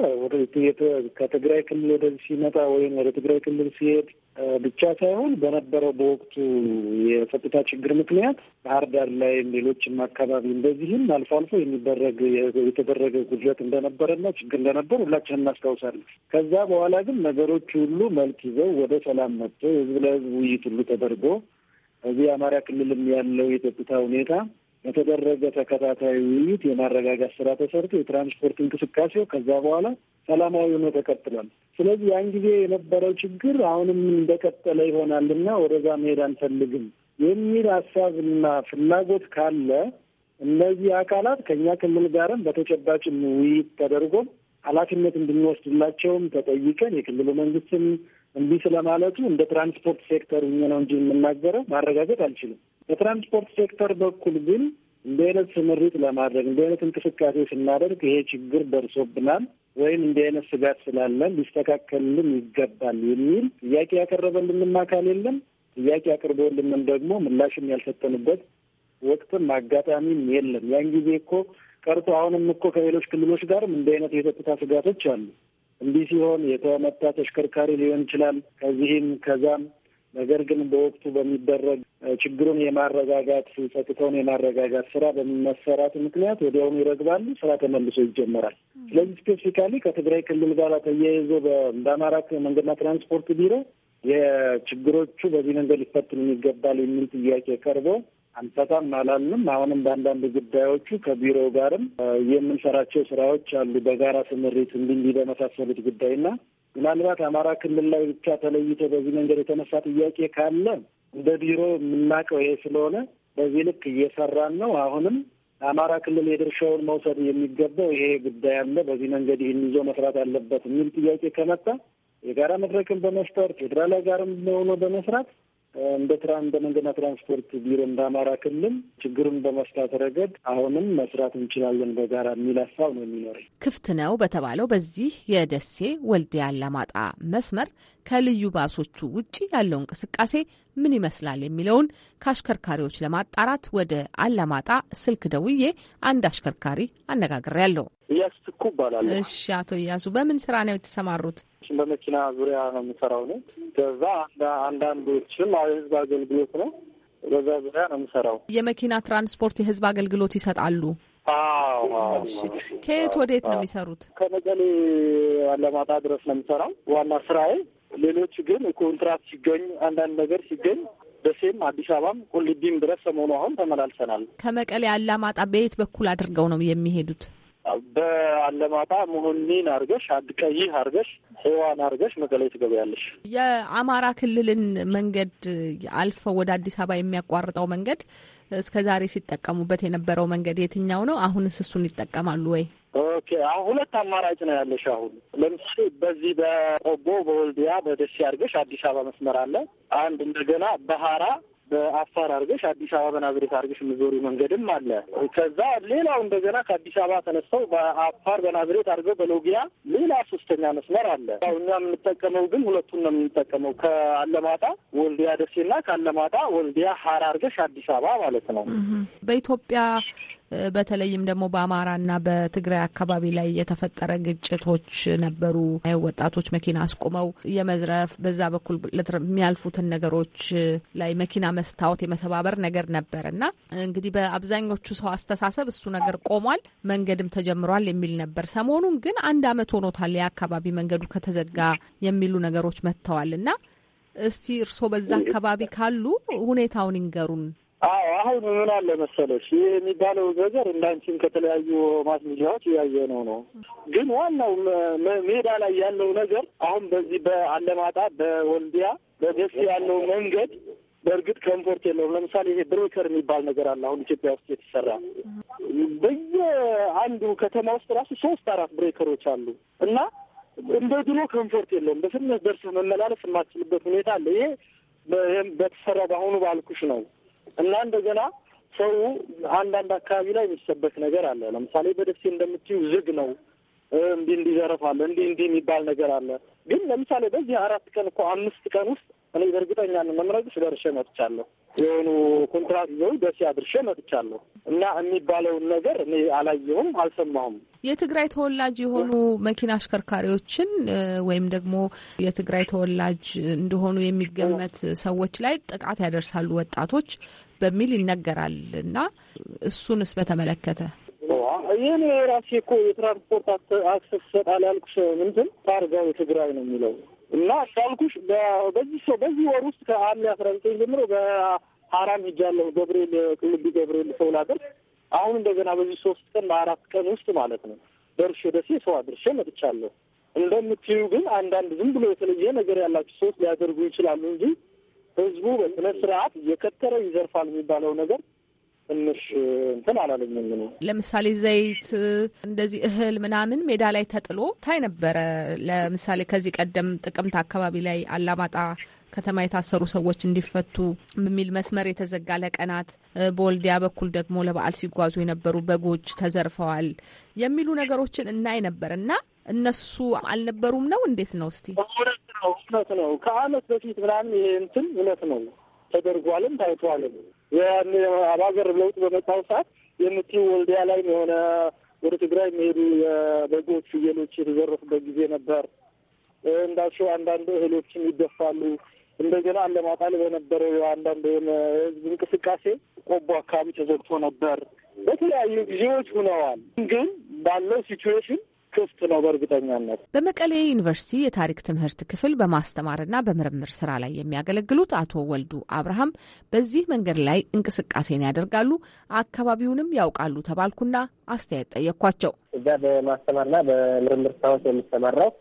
ከትግራይ ክልል ወደዚህ ሲመጣ ወይም ወደ ትግራይ ክልል ሲሄድ ብቻ ሳይሆን በነበረው በወቅቱ የጸጥታ ችግር ምክንያት ባህር ዳር ላይም ሌሎችም አካባቢ እንደዚህም አልፎ አልፎ የሚደረግ የተደረገ ጉድለት እንደነበረና ችግር እንደነበር ሁላችን እናስታውሳለን። ከዛ በኋላ ግን ነገሮች ሁሉ መልክ ይዘው ወደ ሰላም መጥቶ የህዝብ ለህዝብ ውይይት ሁሉ ተደርጎ እዚህ የአማራ ክልልም ያለው የጸጥታ ሁኔታ በተደረገ ተከታታይ ውይይት የማረጋጋት ስራ ተሰርቶ የትራንስፖርት እንቅስቃሴው ከዛ በኋላ ሰላማዊ ሆኖ ተቀጥሏል። ስለዚህ ያን ጊዜ የነበረው ችግር አሁንም እንደቀጠለ ይሆናል ወደዛ መሄድ አንፈልግም የሚል ሀሳብና ፍላጎት ካለ እነዚህ አካላት ከእኛ ክልል ጋርም በተጨባጭም ውይይት ተደርጎ ኃላፊነት እንድንወስድላቸውም ተጠይቀን የክልሉ መንግስትም እንዲህ ስለማለቱ እንደ ትራንስፖርት ሴክተር ሁኜ ነው እንጂ የምናገረው ማረጋገጥ አልችልም። በትራንስፖርት ሴክተር በኩል ግን እንዲህ አይነት ስምሪት ለማድረግ እንዲህ አይነት እንቅስቃሴ ስናደርግ ይሄ ችግር ደርሶብናል ወይም እንዲህ አይነት ስጋት ስላለን ሊስተካከልልን ይገባል የሚል ጥያቄ ያቀረበልንም አካል የለም። ጥያቄ አቅርቦልንም ደግሞ ምላሽም ያልሰጠንበት ወቅትም አጋጣሚም የለም። ያን ጊዜ እኮ ቀርቶ አሁንም እኮ ከሌሎች ክልሎች ጋርም እንዲህ አይነት የጸጥታ ስጋቶች አሉ። እንዲህ ሲሆን የተመታ ተሽከርካሪ ሊሆን ይችላል ከዚህም ከዛም። ነገር ግን በወቅቱ በሚደረግ ችግሩን የማረጋጋት ጸጥታውን የማረጋጋት ስራ በመሰራቱ ምክንያት ወዲያውኑ ይረግባሉ። ስራ ተመልሶ ይጀመራል። ስለዚህ ስፔሲፊካሊ ከትግራይ ክልል ጋር ተያይዞ በአማራ መንገድና ትራንስፖርት ቢሮ የችግሮቹ በዚህ መንገድ ሊፈትኑ ይገባል የሚል ጥያቄ ቀርቦ አንፈታም አላልንም። አሁንም በአንዳንድ ጉዳዮቹ ከቢሮ ጋርም የምንሰራቸው ስራዎች አሉ። በጋራ ስምሪት እንዲህ በመሳሰሉት ጉዳይና ምናልባት አማራ ክልል ላይ ብቻ ተለይቶ በዚህ መንገድ የተነሳ ጥያቄ ካለ እንደ ቢሮ የምናውቀው ይሄ ስለሆነ በዚህ ልክ እየሰራን ነው። አሁንም አማራ ክልል የድርሻውን መውሰድ የሚገባው ይሄ ጉዳይ አለ፣ በዚህ መንገድ ይህን ይዞ መስራት አለበት የሚል ጥያቄ ከመጣ የጋራ መድረክን በመፍጠር ፌዴራላዊ ጋርም ሆኖ በመስራት እንደ ትራ እንደ መንገድና ትራንስፖርት ቢሮ እንደ አማራ ክልል ችግሩን በመፍታት ረገድ አሁንም መስራት እንችላለን በጋራ የሚል ሀሳብ ነው የሚኖረኝ። ክፍት ነው በተባለው በዚህ የደሴ ወልዲያ አላማጣ መስመር ከልዩ ባሶቹ ውጪ ያለው እንቅስቃሴ ምን ይመስላል የሚለውን ከአሽከርካሪዎች ለማጣራት ወደ አላማጣ ስልክ ደውዬ አንድ አሽከርካሪ አነጋግሬያለሁ። እያሱ ትኩ እባላለሁ። እሺ፣ አቶ እያሱ በምን ስራ ነው የተሰማሩት? በመኪና ዙሪያ ነው የምሰራው ነው። ከዛ አንዳንዶችም የህዝብ አገልግሎት ነው፣ በዛ ዙሪያ ነው የምሰራው። የመኪና ትራንስፖርት የህዝብ አገልግሎት ይሰጣሉ። ከየት ወዴት ነው የሚሰሩት? ከመቀሌ አለማጣ ድረስ ነው የሚሰራው ዋና ስራዬ። ሌሎች ግን ኮንትራት ሲገኝ አንዳንድ ነገር ሲገኝ ደሴም አዲስ አበባም ቁልቢም ድረስ ሰሞኑ አሁን ተመላልሰናል። ከመቀሌ አላማጣ በየት በኩል አድርገው ነው የሚሄዱት? በአለማጣ መሆኒን አርገሽ አድቀይህ አርገሽ ሔዋን አርገሽ መቀሌ ትገበያለሽ። የአማራ ክልልን መንገድ አልፈው ወደ አዲስ አበባ የሚያቋርጠው መንገድ እስከ ዛሬ ሲጠቀሙበት የነበረው መንገድ የትኛው ነው? አሁንስ እሱን ይጠቀማሉ ወይ? ኦኬ፣ አሁን ሁለት አማራጭ ነው ያለሽ። አሁን ለምሳሌ በዚህ በቆቦ በወልዲያ በደሴ አድርገሽ አዲስ አበባ መስመር አለ። አንድ እንደገና በሀራ በአፋር አድርገሽ አዲስ አበባ በናዝሬት አድርገሽ የምዞሪ መንገድም አለ። ከዛ ሌላው እንደገና ከአዲስ አበባ ተነስተው በአፋር በናዝሬት አድርገው በሎጊያ ሌላ ሶስተኛ መስመር አለ። ያው እኛ የምንጠቀመው ግን ሁለቱን ነው የምንጠቀመው። ከአለማጣ ወልዲያ ደሴና ከአለማጣ ወልዲያ ሀራ አድርገሽ አዲስ አበባ ማለት ነው። በኢትዮጵያ በተለይም ደግሞ በአማራና በትግራይ አካባቢ ላይ የተፈጠረ ግጭቶች ነበሩ። ወጣቶች መኪና አስቁመው የመዝረፍ በዛ በኩል የሚያልፉትን ነገሮች ላይ መኪና መስታወት የመሰባበር ነገር ነበር እና እንግዲህ በአብዛኞቹ ሰው አስተሳሰብ እሱ ነገር ቆሟል፣ መንገድም ተጀምሯል የሚል ነበር። ሰሞኑን ግን አንድ አመት ሆኖታል የአካባቢ መንገዱ ከተዘጋ የሚሉ ነገሮች መጥተዋል እና እስቲ እርስዎ በዛ አካባቢ ካሉ ሁኔታውን ይንገሩን። አዎ አሁን ምን አለ መሰለሽ ይህ የሚባለው ነገር እንዳንቺም ከተለያዩ ማስ ሚዲያዎች እያየ ነው ነው ግን ዋናው ሜዳ ላይ ያለው ነገር አሁን በዚህ በአለማጣ በወልዲያ በደሴ ያለው መንገድ በእርግጥ ኮምፎርት የለውም። ለምሳሌ ይሄ ብሬከር የሚባል ነገር አለ አሁን ኢትዮጵያ ውስጥ የተሰራ በየአንዱ ከተማ ውስጥ ራሱ ሶስት አራት ብሬከሮች አሉ እና እንደ ድሮ ኮምፎርት የለውም። በፍጥነት ደርሰህ መመላለስ የማትችልበት ሁኔታ አለ። ይሄ በተሰራ በአሁኑ ባልኩሽ ነው እና እንደገና ሰው አንዳንድ አካባቢ ላይ የሚሰበክ ነገር አለ። ለምሳሌ በደሴ እንደምትዩ ዝግ ነው እንዲህ እንዲህ ዘረፋ አለ እንዲህ እንዲህ የሚባል ነገር አለ። ግን ለምሳሌ በዚህ አራት ቀን እኮ አምስት ቀን ውስጥ እኔ በእርግጠኛ መምረግስ ደርሼ መጥቻለሁ። የሆኑ ኮንትራት ይዘው ደሴ አድርሼ መጥቻለሁ እና የሚባለውን ነገር እኔ አላየሁም፣ አልሰማሁም። የትግራይ ተወላጅ የሆኑ መኪና አሽከርካሪዎችን ወይም ደግሞ የትግራይ ተወላጅ እንደሆኑ የሚገመት ሰዎች ላይ ጥቃት ያደርሳሉ ወጣቶች። በሚል ይነገራል እና እሱንስ በተመለከተ ይህን የራሴ እኮ የትራንስፖርት አክሰስ ይሰጣል ያልኩሽ ምንትን ታርጋው ትግራይ ነው የሚለው እና እንዳልኩሽ በዚህ ሰው በዚህ ወር ውስጥ ከሐምሌ አስራ ዘጠኝ ጀምሮ በሀራም ሄጃለሁ። ገብርኤል ቅልቢ ገብርኤል ሰው ላገር አሁን እንደገና በዚህ ሶስት ቀን በአራት ቀን ውስጥ ማለት ነው ደርሼ ደሴ ሰው አድርሼ መጥቻለሁ። እንደምትዩ ግን አንዳንድ ዝም ብሎ የተለየ ነገር ያላቸው ሰዎች ሊያደርጉ ይችላሉ እንጂ ህዝቡ በስነ ስርዓት እየከተረ ይዘርፋል የሚባለው ነገር ትንሽ እንትን አላለኝም ነው። ለምሳሌ ዘይት፣ እንደዚህ እህል ምናምን ሜዳ ላይ ተጥሎ ታይ ነበረ። ለምሳሌ ከዚህ ቀደም ጥቅምት አካባቢ ላይ አላማጣ ከተማ የታሰሩ ሰዎች እንዲፈቱ በሚል መስመር የተዘጋ ለቀናት፣ በወልዲያ በኩል ደግሞ ለበዓል ሲጓዙ የነበሩ በጎች ተዘርፈዋል የሚሉ ነገሮችን እናይ ነበር እና እነሱ አልነበሩም ነው? እንዴት ነው እስቲ? ነው እውነት ነው። ከአመት በፊት ምናምን ይሄ እንትን እውነት ነው ተደርጓልም ታይቷልም። ያን አባገር ለውጥ በመጣው ሰዓት የምትይው ወልዲያ ላይ የሆነ ወደ ትግራይ የሚሄዱ የበጎች ፍየሎች የተዘረፉበት ጊዜ ነበር። እንዳልሽው አንዳንድ እህሎችም ይደፋሉ። እንደገና አለማጣል በነበረው አንዳንድ የሆነ ህዝብ እንቅስቃሴ ቆቦ አካባቢ ተዘግቶ ነበር። በተለያዩ ጊዜዎች ሆነዋል። ግን ባለው ሲትዌሽን ክፍት ነው በእርግጠኛነት። በመቀሌ ዩኒቨርሲቲ የታሪክ ትምህርት ክፍል በማስተማርና በምርምር ስራ ላይ የሚያገለግሉት አቶ ወልዱ አብርሃም በዚህ መንገድ ላይ እንቅስቃሴን ያደርጋሉ፣ አካባቢውንም ያውቃሉ ተባልኩና አስተያየት ጠየኳቸው። እዚያ በማስተማርና በምርምር ስራዎች የሚሰማራው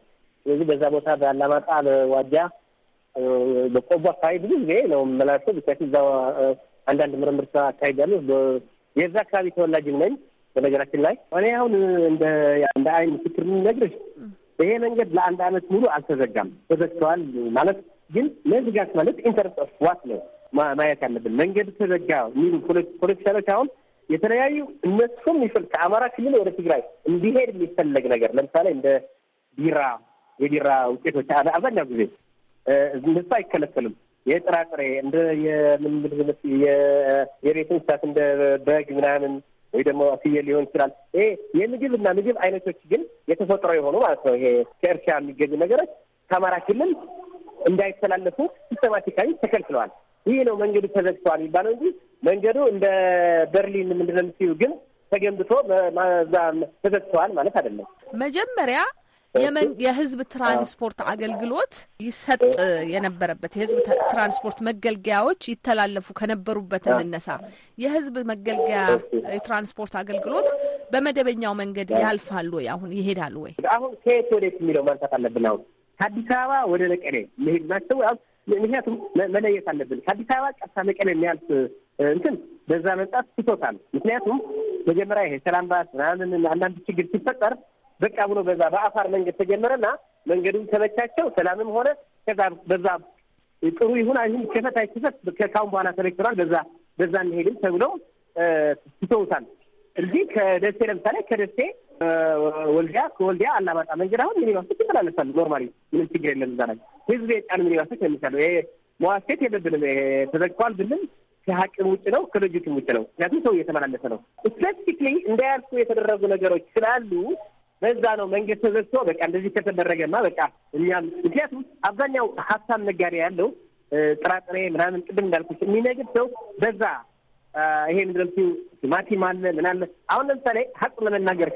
ስለዚህ በዛ ቦታ በአላማጣ በዋጃ በቆቦ አካባቢ ብዙ ጊዜ ነው መላቸው ብቻ እዛ አንዳንድ ምርምር ስራ አካሄዳለሁ። የዛ አካባቢ ተወላጅም ነኝ። በነገራችን ላይ እኔ አሁን እንደ እንደ አይን ምስክር ነግርሽ ይሄ መንገድ ለአንድ አመት ሙሉ አልተዘጋም። ተዘግተዋል ማለት ግን መዝጋት ማለት ኢንተረስት ኦፍ ዋት ነው ማየት ያለብን። መንገድ ተዘጋ የሚሉ ፖለቲሻኖች አሁን የተለያዩ እነሱም ይፈል ከአማራ ክልል ወደ ትግራይ እንዲሄድ የሚፈለግ ነገር ለምሳሌ እንደ ቢራ፣ የቢራ ውጤቶች አብዛኛው ጊዜ እነሱ አይከለከልም። የጥራጥሬ እንደ የምንምልምስ የቤት እንስሳት እንደ በግ ምናምን ወይ ደግሞ ፍየል ሊሆን ይችላል። ይሄ የምግብ እና ምግብ አይነቶች ግን የተፈጥሮ የሆኑ ማለት ነው። ይሄ ከእርሻ የሚገኙ ነገሮች ከአማራ ክልል እንዳይተላለፉ ሲስተማቲካዊ ተከልክለዋል። ይህ ነው መንገዱ ተዘግተዋል የሚባለው እንጂ መንገዱ እንደ በርሊን ምንድን ነው ግን ተገንብቶ ተዘግተዋል ማለት አይደለም። መጀመሪያ የህዝብ ትራንስፖርት አገልግሎት ይሰጥ የነበረበት የህዝብ ትራንስፖርት መገልገያዎች ይተላለፉ ከነበሩበት እንነሳ። የህዝብ መገልገያ የትራንስፖርት አገልግሎት በመደበኛው መንገድ ያልፋሉ ወይ? አሁን ይሄዳሉ ወይ? አሁን ከየት ወዴት የሚለው ማንሳት አለብን። አሁን ከአዲስ አበባ ወደ መቀሌ መሄድ ናቸው። ምክንያቱም መለየት አለብን። ከአዲስ አበባ ቀጥታ መቀሌ የሚያልፍ እንትን በዛ መምጣት ትቶታል። ምክንያቱም መጀመሪያ ይሄ ሰላም ባስ ምናምን አንዳንድ ችግር ሲፈጠር በቃ ብሎ በዛ በአፋር መንገድ ተጀመረና መንገዱም ተመቻቸው፣ ሰላምም ሆነ። ከዛ በዛ ጥሩ ይሁን አይሁን ክፈት አይክፈት ከካሁን በኋላ ተለክተናል፣ በዛ በዛ እንሄድም ተብለው ትተውታል እዚህ ከደሴ ለምሳሌ ከደሴ ወልዲያ ከወልዲያ አላማጣ መንገድ አሁን ሚኒባሶች ይመላለሳሉ። ኖርማሊ ምንም ችግር የለም። እዛ ላይ ህዝብ የጫኑ ሚኒባሶች የሚቻሉ ይሄ መዋስኬት የለብንም። ተዘግተዋል ብንም ከሀቅም ውጭ ነው፣ ከሎጂክም ውጭ ነው። ምክንያቱም ሰው እየተመላለሰ ነው። ስፔሲፊክሊ እንዳያልኩ የተደረጉ ነገሮች ስላሉ በዛ ነው መንገድ ተዘግቶ በቃ እንደዚህ ከተደረገማ በቃ እኛም ምክንያቱም አብዛኛው ሀሳብ ነጋዴ ያለው ጥራጥሬ ምናምን ቅድም እንዳልኩት የሚነግድ ሰው በዛ ይሄ ምድረምሲ ቲማቲም አለ ምናለ አሁን ለምሳሌ ሀቅ ለመናገር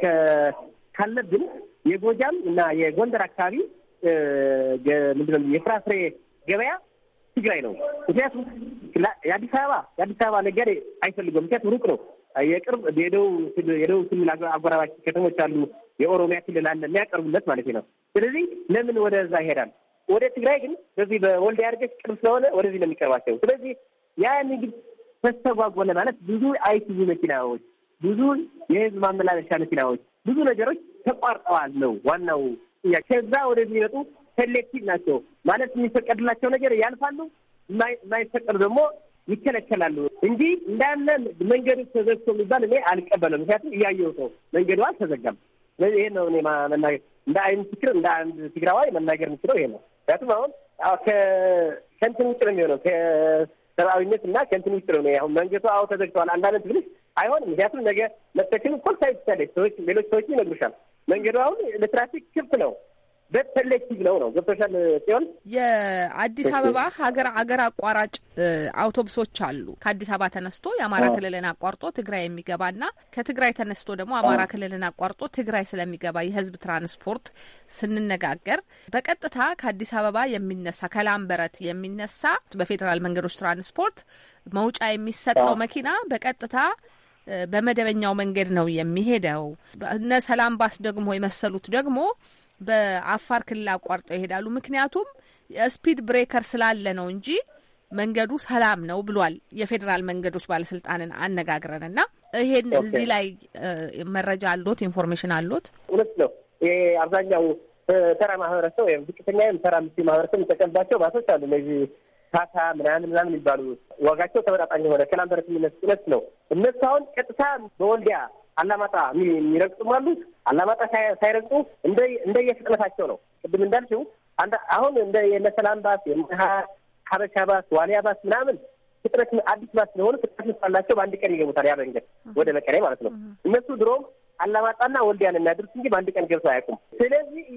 ካለብን የጎጃም እና የጎንደር አካባቢ ምንድነው የፍራፍሬ ገበያ ትግራይ ነው። ምክንያቱም የአዲስ አበባ የአዲስ አበባ ነጋዴ አይፈልገው፣ ምክንያቱም ሩቅ ነው። የቅርብ የደቡብ የደቡብ ክልል አጎራባች ከተሞች አሉ የኦሮሚያ ክልል አለ የሚያቀርቡለት ማለት ነው። ስለዚህ ለምን ወደዛ ይሄዳል? ወደ ትግራይ ግን በዚህ በወልዲያ አድርገሽ ቅርብ ስለሆነ ወደዚህ ነው የሚቀርባቸው። ስለዚህ ያ ንግድ ተስተጓጎለ ማለት ብዙ አይሱዙ መኪናዎች፣ ብዙ የህዝብ ማመላለሻ መኪናዎች፣ ብዙ ነገሮች ተቋርጠዋል ነው ዋናው ከዛ ወደዚህ የሚመጡ ሴሌክቲቭ ናቸው ማለት የሚፈቀድላቸው ነገር ያልፋሉ፣ የማይፈቀዱ ደግሞ ይከለከላሉ እንጂ እንዳለ መንገዱ ተዘግቶ የሚባል እኔ አልቀበለም። ምክንያቱም እያየው ሰው መንገዱ አልተዘጋም። ስለዚህ ይሄን ነው እኔ መናገር እንደ አይ ምስክር እንደ አንድ ትግራዋይ መናገር የምችለው ይሄ ነው። ምክንያቱም አሁን ከንትን ውጭ ነው የሚሆነው ከሰብአዊነት እና ከንትን ውጭ ነው። አሁን መንገቱ አሁ ተዘግተዋል አንዳንድ ብልሽ አይሆንም። ምክንያቱም ነገ መተክል እኮ ታይቻለች ሰዎች ሌሎች ሰዎች ይነግሩሻል። መንገዱ አሁን ለትራፊክ ክፍት ነው። በት ነው ነው ገብቶሻል ሲሆን የአዲስ አበባ ሀገር አገር አቋራጭ አውቶቡሶች አሉ። ከአዲስ አበባ ተነስቶ የአማራ ክልልን አቋርጦ ትግራይ የሚገባና ከትግራይ ተነስቶ ደግሞ አማራ ክልልን አቋርጦ ትግራይ ስለሚገባ የህዝብ ትራንስፖርት ስንነጋገር በቀጥታ ከአዲስ አበባ የሚነሳ ከላምበረት የሚነሳ በፌዴራል መንገዶች ትራንስፖርት መውጫ የሚሰጠው መኪና በቀጥታ በመደበኛው መንገድ ነው የሚሄደው። እነ ሰላም ባስ ደግሞ የመሰሉት ደግሞ በአፋር ክልል አቋርጠው ይሄዳሉ። ምክንያቱም ስፒድ ብሬከር ስላለ ነው እንጂ መንገዱ ሰላም ነው ብሏል። የፌዴራል መንገዶች ባለስልጣንን አነጋግረን እና ይሄን እዚህ ላይ መረጃ አሎት ኢንፎርሜሽን አሎት? እውነት ነው። አብዛኛው ተራ ማህበረሰብ ወይም ዝቅተኛ ወይም ተራ ምስ ማህበረሰብ የሚጠቀምባቸው ባሶች አሉ። እነዚህ ታታ ምናምን ምናምን የሚባሉ ዋጋቸው ተመጣጣኝ የሆነ ከላምበረት የሚነሱ እውነት ነው። እነሱ አሁን ቀጥታ በወልዲያ አላማጣ የሚረግጡም አሉት። አላማጣ ሳይረግጡ እንደየፍጥነታቸው ነው። ቅድም እንዳልሽው አሁን እንደ የመሰላም ባስ፣ የመሀል ሀበሻ ባስ፣ ዋሊያ ባስ ምናምን ፍጥነት አዲስ ባስ ስለሆኑ ፍጥነት ስላላቸው በአንድ ቀን ይገቡታል። ያ መንገድ ወደ መቀሌ ማለት ነው። እነሱ ድሮም አላማጣና ወልዲያን የሚያድርስ እንጂ በአንድ ቀን ገብተው አያውቁም። ስለዚህ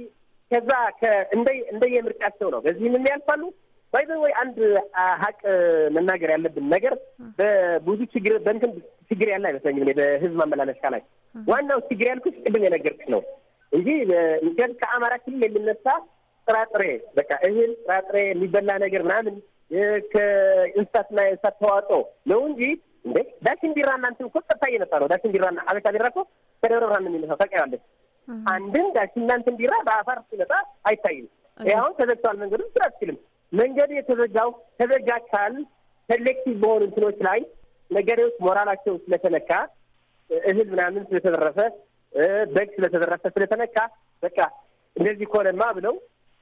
ከዛ እንደየምርጫቸው ነው። በዚህም ያልፋሉ። ባይዘ ወይ አንድ ሀቅ መናገር ያለብን ነገር በብዙ ችግር በእንትን ችግር ያለ አይመስለኝም። በህዝብ ማመላለሻ ላይ ዋናው ችግር ያልኩሽ ቅድም የነገርኩሽ ነው እንጂ እንደም ከአማራ ክልል የሚነሳ ጥራጥሬ በቃ እህል፣ ጥራጥሬ፣ የሚበላ ነገር ምናምን ከእንስሳትና የእንስሳት ተዋጽኦ ነው እንጂ እንዴ ዳሽን ቢራ እናንተ እኮ ቀጥታ እየመጣ ነው። ዳሽን ቢራ ና አበሻ ቢራ እኮ ከደብረ ብርሃን የሚነሳ ታውቂዋለሽ። አንድም ዳሽን እናንትን ቢራ በአፋር ሲመጣ አይታይም። ይህ አሁን ተዘግተዋል። መንገዱ ስራ አትችልም። መንገዱ የተዘጋው ተዘጋ ካል ሴሌክቲቭ በሆኑ እንትኖች ላይ ነገሬዎች ሞራላቸው ስለተነካ እህል ምናምን ስለተዘረፈ በግ ስለተደረሰ ስለተነካ በቃ እንደዚህ ከሆነማ ብለው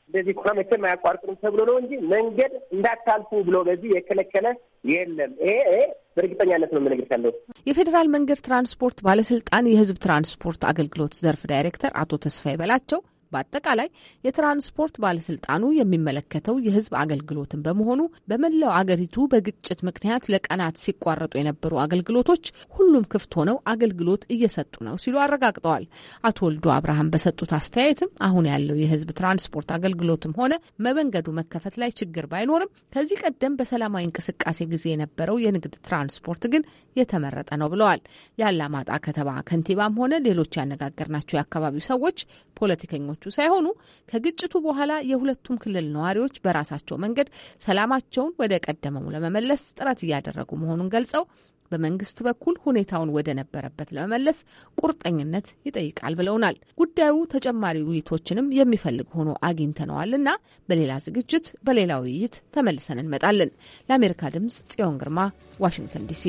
እንደዚህ ከሆነ መቼም አያቋርጥም ተብሎ ነው እንጂ መንገድ እንዳታልፉ ብሎ በዚህ የከለከለ የለም። ይሄ በእርግጠኛነት ነው የምነግርሽ ያለው። የፌዴራል መንገድ ትራንስፖርት ባለስልጣን የህዝብ ትራንስፖርት አገልግሎት ዘርፍ ዳይሬክተር አቶ ተስፋዬ በላቸው በአጠቃላይ የትራንስፖርት ባለስልጣኑ የሚመለከተው የህዝብ አገልግሎትን በመሆኑ በመላው አገሪቱ በግጭት ምክንያት ለቀናት ሲቋረጡ የነበሩ አገልግሎቶች ሁሉም ክፍት ሆነው አገልግሎት እየሰጡ ነው ሲሉ አረጋግጠዋል። አቶ ወልዶ አብርሃም በሰጡት አስተያየትም አሁን ያለው የህዝብ ትራንስፖርት አገልግሎትም ሆነ መመንገዱ መከፈት ላይ ችግር ባይኖርም ከዚህ ቀደም በሰላማዊ እንቅስቃሴ ጊዜ የነበረው የንግድ ትራንስፖርት ግን የተመረጠ ነው ብለዋል። የአላማጣ ከተማ ከንቲባም ሆነ ሌሎች ያነጋገርናቸው የአካባቢው ሰዎች ፖለቲከኞች ተጠቃሚዎቹ ሳይሆኑ ከግጭቱ በኋላ የሁለቱም ክልል ነዋሪዎች በራሳቸው መንገድ ሰላማቸውን ወደ ቀደመው ለመመለስ ጥረት እያደረጉ መሆኑን ገልጸው በመንግስት በኩል ሁኔታውን ወደ ነበረበት ለመመለስ ቁርጠኝነት ይጠይቃል ብለውናል። ጉዳዩ ተጨማሪ ውይይቶችንም የሚፈልግ ሆኖ አግኝተነዋልና በሌላ ዝግጅት በሌላ ውይይት ተመልሰን እንመጣለን። ለአሜሪካ ድምጽ ጽዮን ግርማ ዋሽንግተን ዲሲ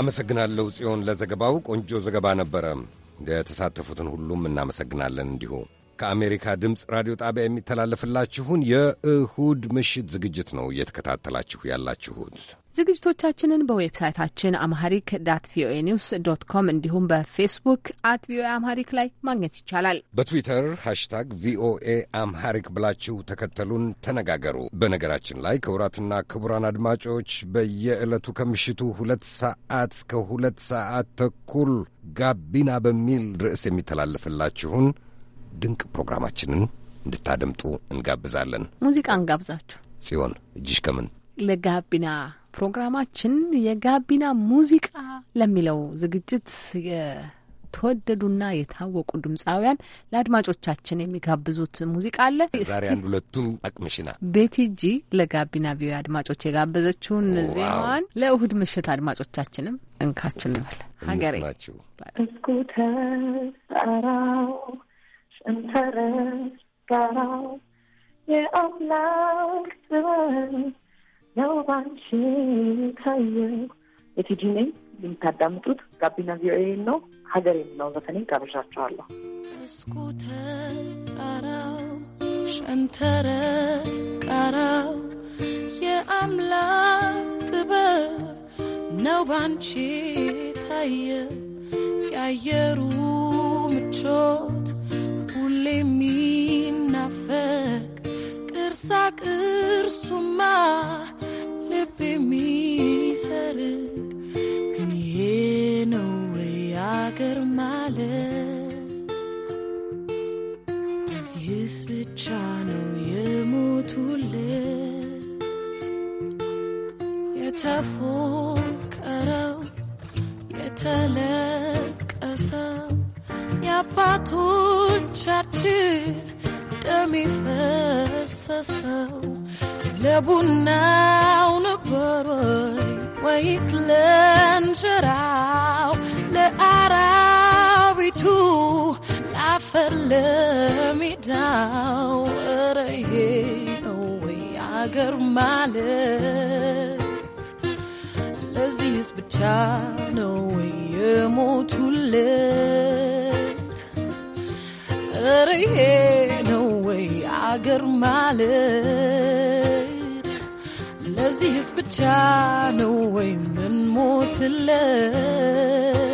አመሰግናለሁ ጽዮን ለዘገባው። ቆንጆ ዘገባ ነበረ። የተሳተፉትን ሁሉም እናመሰግናለን። እንዲሁ ከአሜሪካ ድምፅ ራዲዮ ጣቢያ የሚተላለፍላችሁን የእሁድ ምሽት ዝግጅት ነው እየተከታተላችሁ ያላችሁት። ዝግጅቶቻችንን በዌብሳይታችን አምሃሪክ ዳት ቪኦኤ ኒውስ ዶት ኮም እንዲሁም በፌስቡክ አት ቪኦኤ አምሃሪክ ላይ ማግኘት ይቻላል። በትዊተር ሃሽታግ ቪኦኤ አምሃሪክ ብላችሁ ተከተሉን፣ ተነጋገሩ። በነገራችን ላይ ክቡራትና ክቡራን አድማጮች በየዕለቱ ከምሽቱ ሁለት ሰዓት እስከ ሁለት ሰዓት ተኩል ጋቢና በሚል ርዕስ የሚተላለፍላችሁን ድንቅ ፕሮግራማችንን እንድታደምጡ እንጋብዛለን። ሙዚቃ እንጋብዛችሁ ጽዮን እጅሽ ከምን ለጋቢና ፕሮግራማችን የጋቢና ሙዚቃ ለሚለው ዝግጅት የተወደዱና የታወቁ ድምፃውያን ለአድማጮቻችን የሚጋብዙት ሙዚቃ አለ። ዛሬ አንድ ሁለቱን አቅምሽና ቤቲ ጂ ለጋቢና ቪዮ አድማጮች የጋበዘችውን ዜማዋን ለእሁድ ምሽት አድማጮቻችንም እንካችሁ እንበል። ሀገሬ ጋራው የአምላክ ጥበብ ያው ባንቺ ታየው የቲጂ ነኝ። የምታዳምጡት ጋቢና ቪኦኤ ነው። ሀገር ነው ዘፈኔን ጋብዣቸዋለሁ። እስኩ ተራራው ሸንተረ ቃራው የአምላክ ጥበብ ነው ባንቺ ታየ የአየሩ ምቾት ሁሌ የሚናፈቅ ቅርሳ ቅርሱማ ልብ የሚሰርቅ ግን ይሄ ነው ወይ አገር ማለት? ለዚህስ ብቻ ነው የሞቱለት የተፎቀረው የተለቀሰው የአባቶቻችን ደም የፈሰሰው ለቡናው ነበር ወይስ ለእንጀራው ለአራዊቱ ለአፈር ለሜዳው ረሄ ነው ወይ አገር ማለት ለዚህስ ብቻ ነው ወይ የሞቱለት ረሄ ነው ወይ አገር ማለት ለዚህስ ብቻ ነው ወይ ምን ሞትለት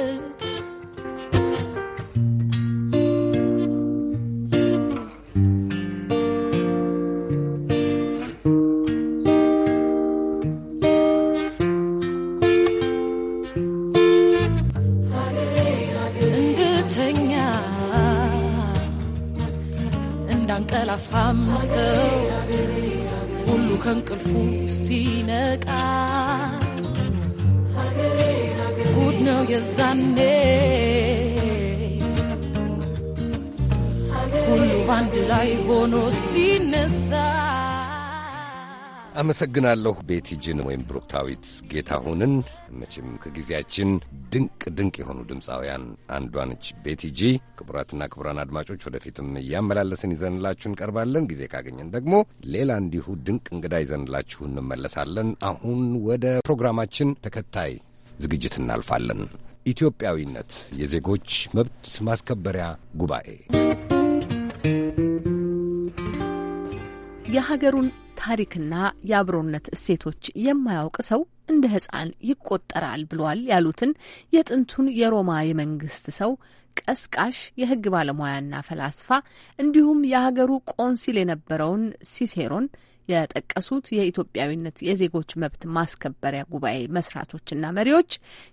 አመሰግናለሁ ቤቲጅን ወይም ብሩክታዊት ጌታሁንን። መቼም ከጊዜያችን ድንቅ ድንቅ የሆኑ ድምፃውያን አንዷ ነች ቤቲጂ። ክቡራትና ክቡራን አድማጮች ወደፊትም እያመላለስን ይዘንላችሁ እንቀርባለን። ጊዜ ካገኘን ደግሞ ሌላ እንዲሁ ድንቅ እንግዳ ይዘንላችሁ እንመለሳለን። አሁን ወደ ፕሮግራማችን ተከታይ ዝግጅት እናልፋለን። ኢትዮጵያዊነት የዜጎች መብት ማስከበሪያ ጉባኤ የሀገሩን ታሪክና የአብሮነት እሴቶች የማያውቅ ሰው እንደ ሕፃን ይቆጠራል ብሏል ያሉትን የጥንቱን የሮማ የመንግስት ሰው ቀስቃሽ የህግ ባለሙያና ፈላስፋ እንዲሁም የሀገሩ ቆንሲል የነበረውን ሲሴሮን የጠቀሱት የኢትዮጵያዊነት የዜጎች መብት ማስከበሪያ ጉባኤ መስራቾችና መሪዎች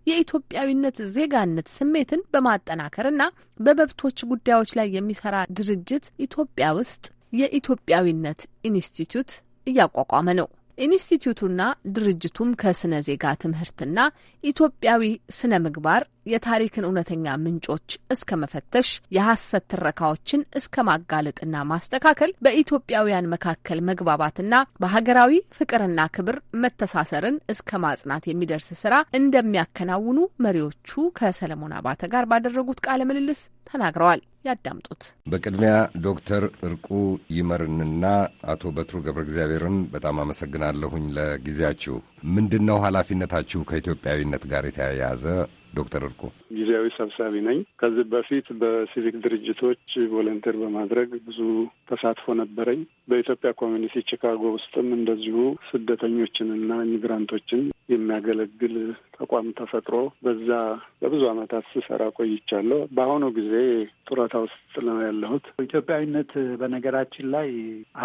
የኢትዮጵያዊነት ዜጋነት ስሜትን በማጠናከርና በመብቶች ጉዳዮች ላይ የሚሰራ ድርጅት ኢትዮጵያ ውስጥ የኢትዮጵያዊነት ኢንስቲትዩት እያቋቋመ ነው። ኢንስቲትዩቱና ድርጅቱም ከስነ ዜጋ ትምህርትና ኢትዮጵያዊ ስነ ምግባር የታሪክን እውነተኛ ምንጮች እስከ መፈተሽ የሐሰት ትረካዎችን እስከ ማጋለጥና ማስተካከል በኢትዮጵያውያን መካከል መግባባትና በሀገራዊ ፍቅርና ክብር መተሳሰርን እስከ ማጽናት የሚደርስ ስራ እንደሚያከናውኑ መሪዎቹ ከሰለሞን አባተ ጋር ባደረጉት ቃለ ምልልስ ተናግረዋል። ያዳምጡት። በቅድሚያ ዶክተር እርቁ ይመርንና አቶ በትሩ ገብረ እግዚአብሔርን በጣም አመሰግናለሁኝ ለጊዜያችሁ። ምንድን ነው ኃላፊነታችሁ ከኢትዮጵያዊነት ጋር የተያያዘ ዶክተር እርቁ ጊዜያዊ ሰብሳቢ ነኝ። ከዚህ በፊት በሲቪክ ድርጅቶች ቮለንቲር በማድረግ ብዙ ተሳትፎ ነበረኝ። በኢትዮጵያ ኮሚኒቲ ቺካጎ ውስጥም እንደዚሁ ስደተኞችንና ኢሚግራንቶችን የሚያገለግል ተቋም ተፈጥሮ በዛ ለብዙ ዓመታት ስሰራ ቆይቻለሁ። በአሁኑ ጊዜ ጡረታ ውስጥ ነው ያለሁት። ኢትዮጵያዊነት በነገራችን ላይ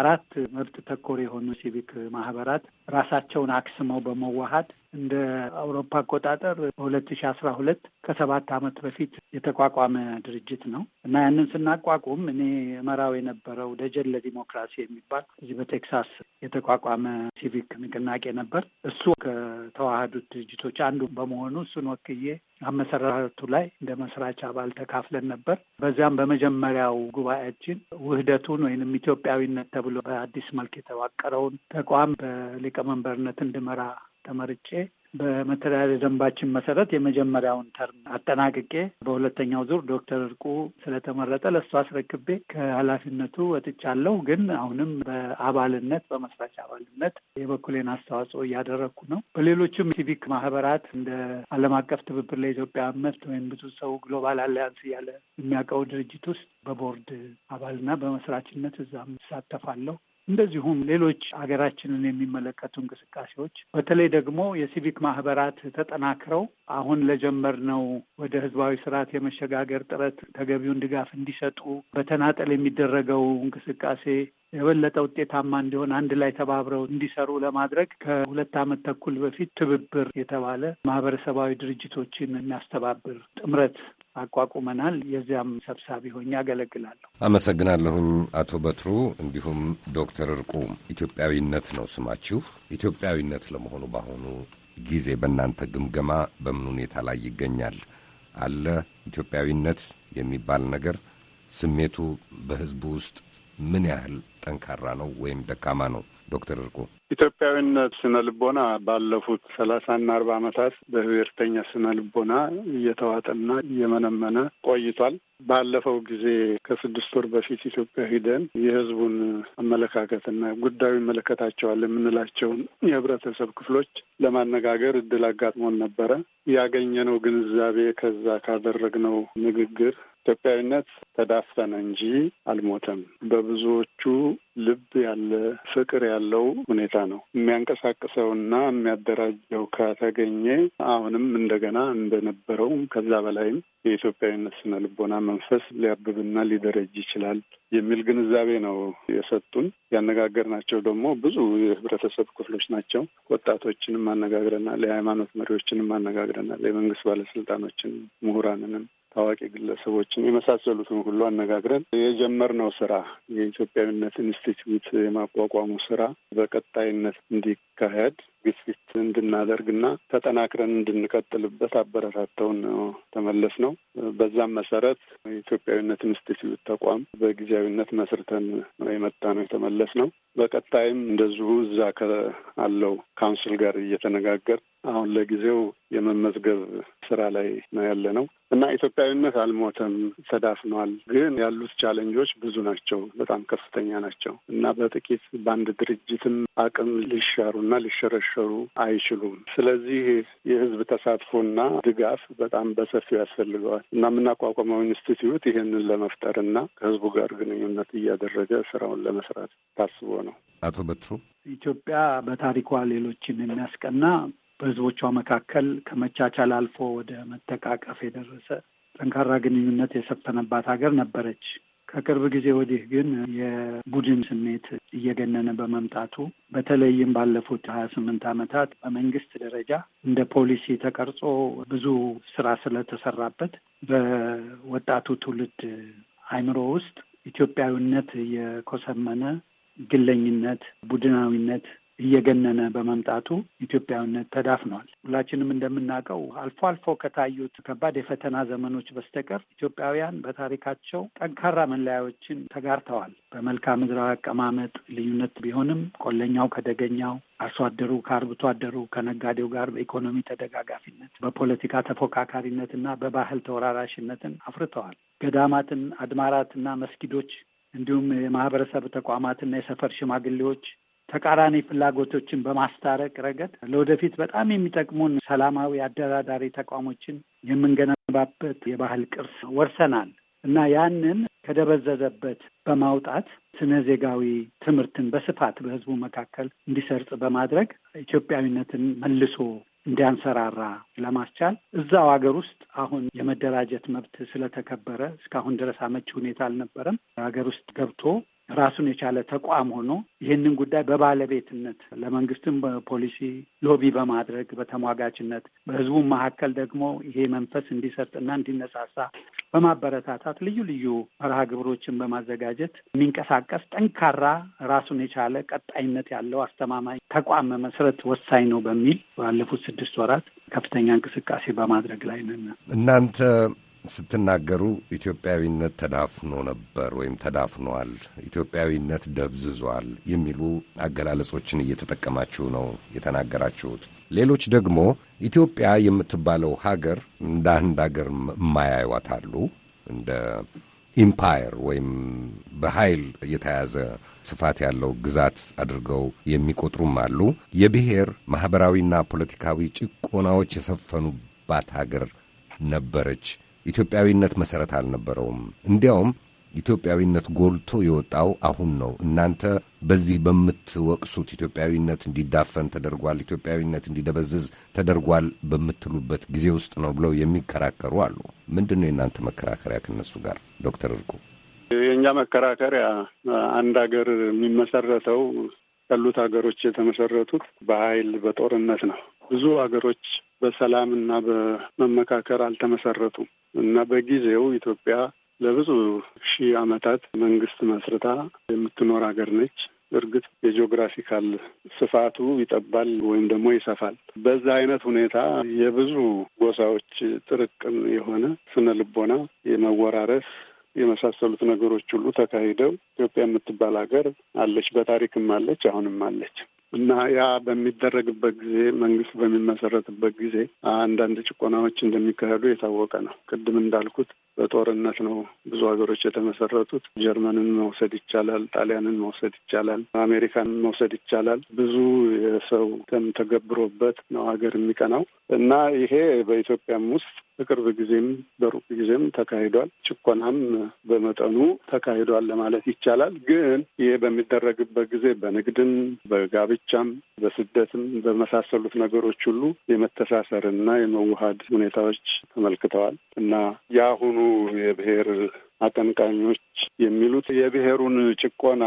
አራት መብት ተኮር የሆኑ ሲቪክ ማህበራት ራሳቸውን አክስመው በመዋሀድ እንደ አውሮፓ አቆጣጠር በሁለት ሺ አስራ ሁለት ከሰባት አመት በፊት የተቋቋመ ድርጅት ነው እና ያንን ስናቋቁም እኔ መራው የነበረው ደጀን ለዲሞክራሲ የሚባል እዚህ በቴክሳስ የተቋቋመ ሲቪክ ንቅናቄ ነበር። እሱ ከተዋህዱት ድርጅቶች አንዱ በመሆኑ እሱን ወክዬ አመሰራረቱ ላይ እንደ መስራች አባል ተካፍለን ነበር። በዚያም በመጀመሪያው ጉባኤያችን ውህደቱን ወይንም ኢትዮጵያዊነት ተብሎ በአዲስ መልክ የተዋቀረውን ተቋም በሊቀመንበርነት እንድመራ ተመርጬ በመተዳደሪያ ደንባችን መሰረት የመጀመሪያውን ተርም አጠናቅቄ በሁለተኛው ዙር ዶክተር እርቁ ስለተመረጠ ለእሱ አስረክቤ ከኃላፊነቱ ወጥቻለሁ። ግን አሁንም በአባልነት በመስራች አባልነት የበኩሌን አስተዋጽኦ እያደረግኩ ነው። በሌሎችም ሲቪክ ማህበራት እንደ ዓለም አቀፍ ትብብር ለኢትዮጵያ መብት ወይም ብዙ ሰው ግሎባል አሊያንስ እያለ የሚያውቀው ድርጅት ውስጥ በቦርድ አባልና በመስራችነት እዛም እሳተፋለሁ። እንደዚሁም ሌሎች ሀገራችንን የሚመለከቱ እንቅስቃሴዎች በተለይ ደግሞ የሲቪክ ማህበራት ተጠናክረው አሁን ለጀመርነው ወደ ህዝባዊ ስርዓት የመሸጋገር ጥረት ተገቢውን ድጋፍ እንዲሰጡ በተናጠል የሚደረገው እንቅስቃሴ የበለጠ ውጤታማ እንዲሆን አንድ ላይ ተባብረው እንዲሰሩ ለማድረግ ከሁለት ዓመት ተኩል በፊት ትብብር የተባለ ማህበረሰባዊ ድርጅቶችን የሚያስተባብር ጥምረት አቋቁመናል። የዚያም ሰብሳቢ ሆኜ አገለግላለሁ። አመሰግናለሁኝ አቶ በትሩ እንዲሁም ዶክተር እርቁ። ኢትዮጵያዊነት ነው ስማችሁ። ኢትዮጵያዊነት ለመሆኑ በአሁኑ ጊዜ በእናንተ ግምገማ በምን ሁኔታ ላይ ይገኛል? አለ ኢትዮጵያዊነት የሚባል ነገር ስሜቱ በህዝቡ ውስጥ ምን ያህል ጠንካራ ነው ወይም ደካማ ነው? ዶክተር እርቁ ኢትዮጵያዊነት ስነ ልቦና ባለፉት ሰላሳና አርባ ዓመታት በብሔርተኛ ስነ ልቦና እየተዋጠና እየመነመነ ቆይቷል። ባለፈው ጊዜ ከስድስት ወር በፊት ኢትዮጵያ ሂደን የሕዝቡን አመለካከትና ጉዳዩ ይመለከታቸዋል የምንላቸውን የህብረተሰብ ክፍሎች ለማነጋገር እድል አጋጥሞን ነበረ። ያገኘነው ግንዛቤ ከዛ ካደረግነው ንግግር ኢትዮጵያዊነት ተዳፈነ እንጂ አልሞተም። በብዙዎቹ ልብ ያለ ፍቅር ያለው ሁኔታ ነው የሚያንቀሳቅሰውና የሚያደራጀው ከተገኘ አሁንም እንደገና እንደነበረው ከዛ በላይም የኢትዮጵያዊነት ስነ ልቦና መንፈስ ሊያብብና ሊደረጅ ይችላል የሚል ግንዛቤ ነው የሰጡን። ያነጋገርናቸው ደግሞ ብዙ የህብረተሰብ ክፍሎች ናቸው። ወጣቶችንም አነጋግረናል። የሃይማኖት መሪዎችንም አነጋግረናል። የመንግስት ባለስልጣኖችን፣ ምሁራንንም ታዋቂ ግለሰቦችን የመሳሰሉትን ሁሉ አነጋግረን የጀመርነው ስራ የኢትዮጵያዊነት ኢንስቲትዩት የማቋቋሙ ስራ በቀጣይነት እንዲካሄድ ግፊት እንድናደርግና ተጠናክረን እንድንቀጥልበት አበረታተውን ነው ተመለስ ነው። በዛም መሰረት የኢትዮጵያዊነት ኢንስቲትዩት ተቋም በጊዜያዊነት መስርተን የመጣ ነው የተመለስ ነው። በቀጣይም እንደዚሁ እዛ ከአለው ካውንስል ጋር እየተነጋገር አሁን ለጊዜው የመመዝገብ ስራ ላይ ነው ያለ ነው እና ኢትዮጵያዊነት አልሞተም፣ ተዳፍኗል። ግን ያሉት ቻለንጆች ብዙ ናቸው፣ በጣም ከፍተኛ ናቸው እና በጥቂት በአንድ ድርጅትም አቅም ሊሻሩና ሊሸረሸሩ አይችሉም። ስለዚህ የህዝብ ተሳትፎና ድጋፍ በጣም በሰፊው ያስፈልገዋል እና የምናቋቋመው ኢንስቲትዩት ይህንን ለመፍጠር እና ከህዝቡ ጋር ግንኙነት እያደረገ ስራውን ለመስራት ታስቦ ነው። አቶ በትሩ ኢትዮጵያ በታሪኳ ሌሎችን የሚያስቀና በህዝቦቿ መካከል ከመቻቻል አልፎ ወደ መተቃቀፍ የደረሰ ጠንካራ ግንኙነት የሰፈነባት ሀገር ነበረች። ከቅርብ ጊዜ ወዲህ ግን የቡድን ስሜት እየገነነ በመምጣቱ በተለይም ባለፉት ሀያ ስምንት ዓመታት በመንግስት ደረጃ እንደ ፖሊሲ ተቀርጾ ብዙ ስራ ስለተሰራበት በወጣቱ ትውልድ አይምሮ ውስጥ ኢትዮጵያዊነት እየኮሰመነ ግለኝነት፣ ቡድናዊነት እየገነነ በመምጣቱ ኢትዮጵያዊነት ተዳፍኗል። ሁላችንም እንደምናውቀው አልፎ አልፎ ከታዩት ከባድ የፈተና ዘመኖች በስተቀር ኢትዮጵያውያን በታሪካቸው ጠንካራ መለያዎችን ተጋርተዋል። በመልክዓ ምድራዊ አቀማመጥ ልዩነት ቢሆንም ቆለኛው ከደገኛው አርሶ አደሩ ከአርብቶ አደሩ ከነጋዴው ጋር በኢኮኖሚ ተደጋጋፊነት፣ በፖለቲካ ተፎካካሪነት እና በባህል ተወራራሽነትን አፍርተዋል። ገዳማትን፣ አድማራትና መስጊዶች እንዲሁም የማህበረሰብ ተቋማትና የሰፈር ሽማግሌዎች ተቃራኒ ፍላጎቶችን በማስታረቅ ረገድ ለወደፊት በጣም የሚጠቅሙን ሰላማዊ አደራዳሪ ተቋሞችን የምንገነባበት የባህል ቅርስ ወርሰናል እና ያንን ከደበዘዘበት በማውጣት ስነ ዜጋዊ ትምህርትን በስፋት በህዝቡ መካከል እንዲሰርጽ በማድረግ ኢትዮጵያዊነትን መልሶ እንዲያንሰራራ ለማስቻል እዛው ሀገር ውስጥ አሁን የመደራጀት መብት ስለተከበረ እስካሁን ድረስ አመቺ ሁኔታ አልነበረም። ሀገር ውስጥ ገብቶ ራሱን የቻለ ተቋም ሆኖ ይህንን ጉዳይ በባለቤትነት ለመንግስትም ፖሊሲ ሎቢ በማድረግ በተሟጋችነት በህዝቡ መካከል ደግሞ ይሄ መንፈስ እንዲሰጥና እንዲነሳሳ በማበረታታት ልዩ ልዩ መርሃ ግብሮችን በማዘጋጀት የሚንቀሳቀስ ጠንካራ ራሱን የቻለ ቀጣይነት ያለው አስተማማኝ ተቋም መመስረት ወሳኝ ነው በሚል ባለፉት ስድስት ወራት ከፍተኛ እንቅስቃሴ በማድረግ ላይ ነን። እናንተ ስትናገሩ ኢትዮጵያዊነት ተዳፍኖ ነበር ወይም ተዳፍኗል፣ ኢትዮጵያዊነት ደብዝዟል የሚሉ አገላለጾችን እየተጠቀማችሁ ነው የተናገራችሁት። ሌሎች ደግሞ ኢትዮጵያ የምትባለው ሀገር እንደ አንድ ሀገር የማያዩዋት አሉ። እንደ ኢምፓየር ወይም በኃይል የተያዘ ስፋት ያለው ግዛት አድርገው የሚቆጥሩም አሉ። የብሔር ማኅበራዊና ፖለቲካዊ ጭቆናዎች የሰፈኑባት ሀገር ነበረች ኢትዮጵያዊነት መሠረት አልነበረውም። እንዲያውም ኢትዮጵያዊነት ጎልቶ የወጣው አሁን ነው። እናንተ በዚህ በምትወቅሱት ኢትዮጵያዊነት እንዲዳፈን ተደርጓል፣ ኢትዮጵያዊነት እንዲደበዝዝ ተደርጓል በምትሉበት ጊዜ ውስጥ ነው ብለው የሚከራከሩ አሉ። ምንድን ነው የእናንተ መከራከሪያ ከነሱ ጋር ዶክተር እርቁ? የእኛ መከራከሪያ አንድ ሀገር የሚመሰረተው ያሉት ሀገሮች የተመሰረቱት በኃይል በጦርነት ነው። ብዙ ሀገሮች በሰላም እና በመመካከር አልተመሰረቱም እና በጊዜው ኢትዮጵያ ለብዙ ሺህ ዓመታት መንግስት መስርታ የምትኖር ሀገር ነች። እርግጥ የጂኦግራፊካል ስፋቱ ይጠባል ወይም ደግሞ ይሰፋል። በዛ አይነት ሁኔታ የብዙ ጎሳዎች ጥርቅም የሆነ ስነ ልቦና የመወራረስ የመሳሰሉት ነገሮች ሁሉ ተካሂደው ኢትዮጵያ የምትባል ሀገር አለች። በታሪክም አለች፣ አሁንም አለች። እና ያ በሚደረግበት ጊዜ መንግስት በሚመሰረትበት ጊዜ አንዳንድ ጭቆናዎች እንደሚካሄዱ የታወቀ ነው። ቅድም እንዳልኩት በጦርነት ነው ብዙ ሀገሮች የተመሰረቱት። ጀርመንን መውሰድ ይቻላል፣ ጣሊያንን መውሰድ ይቻላል፣ አሜሪካን መውሰድ ይቻላል። ብዙ የሰው ደም ተገብሮበት ነው ሀገር የሚቀናው እና ይሄ በኢትዮጵያም ውስጥ በቅርብ ጊዜም በሩቅ ጊዜም ተካሂዷል። ጭቆናም በመጠኑ ተካሂዷል ለማለት ይቻላል። ግን ይሄ በሚደረግበት ጊዜ በንግድም፣ በጋብቻም፣ በስደትም በመሳሰሉት ነገሮች ሁሉ የመተሳሰርና የመዋሃድ ሁኔታዎች ተመልክተዋል እና የአሁኑ የብሔር አቀንቃኞች የሚሉት የብሔሩን ጭቆና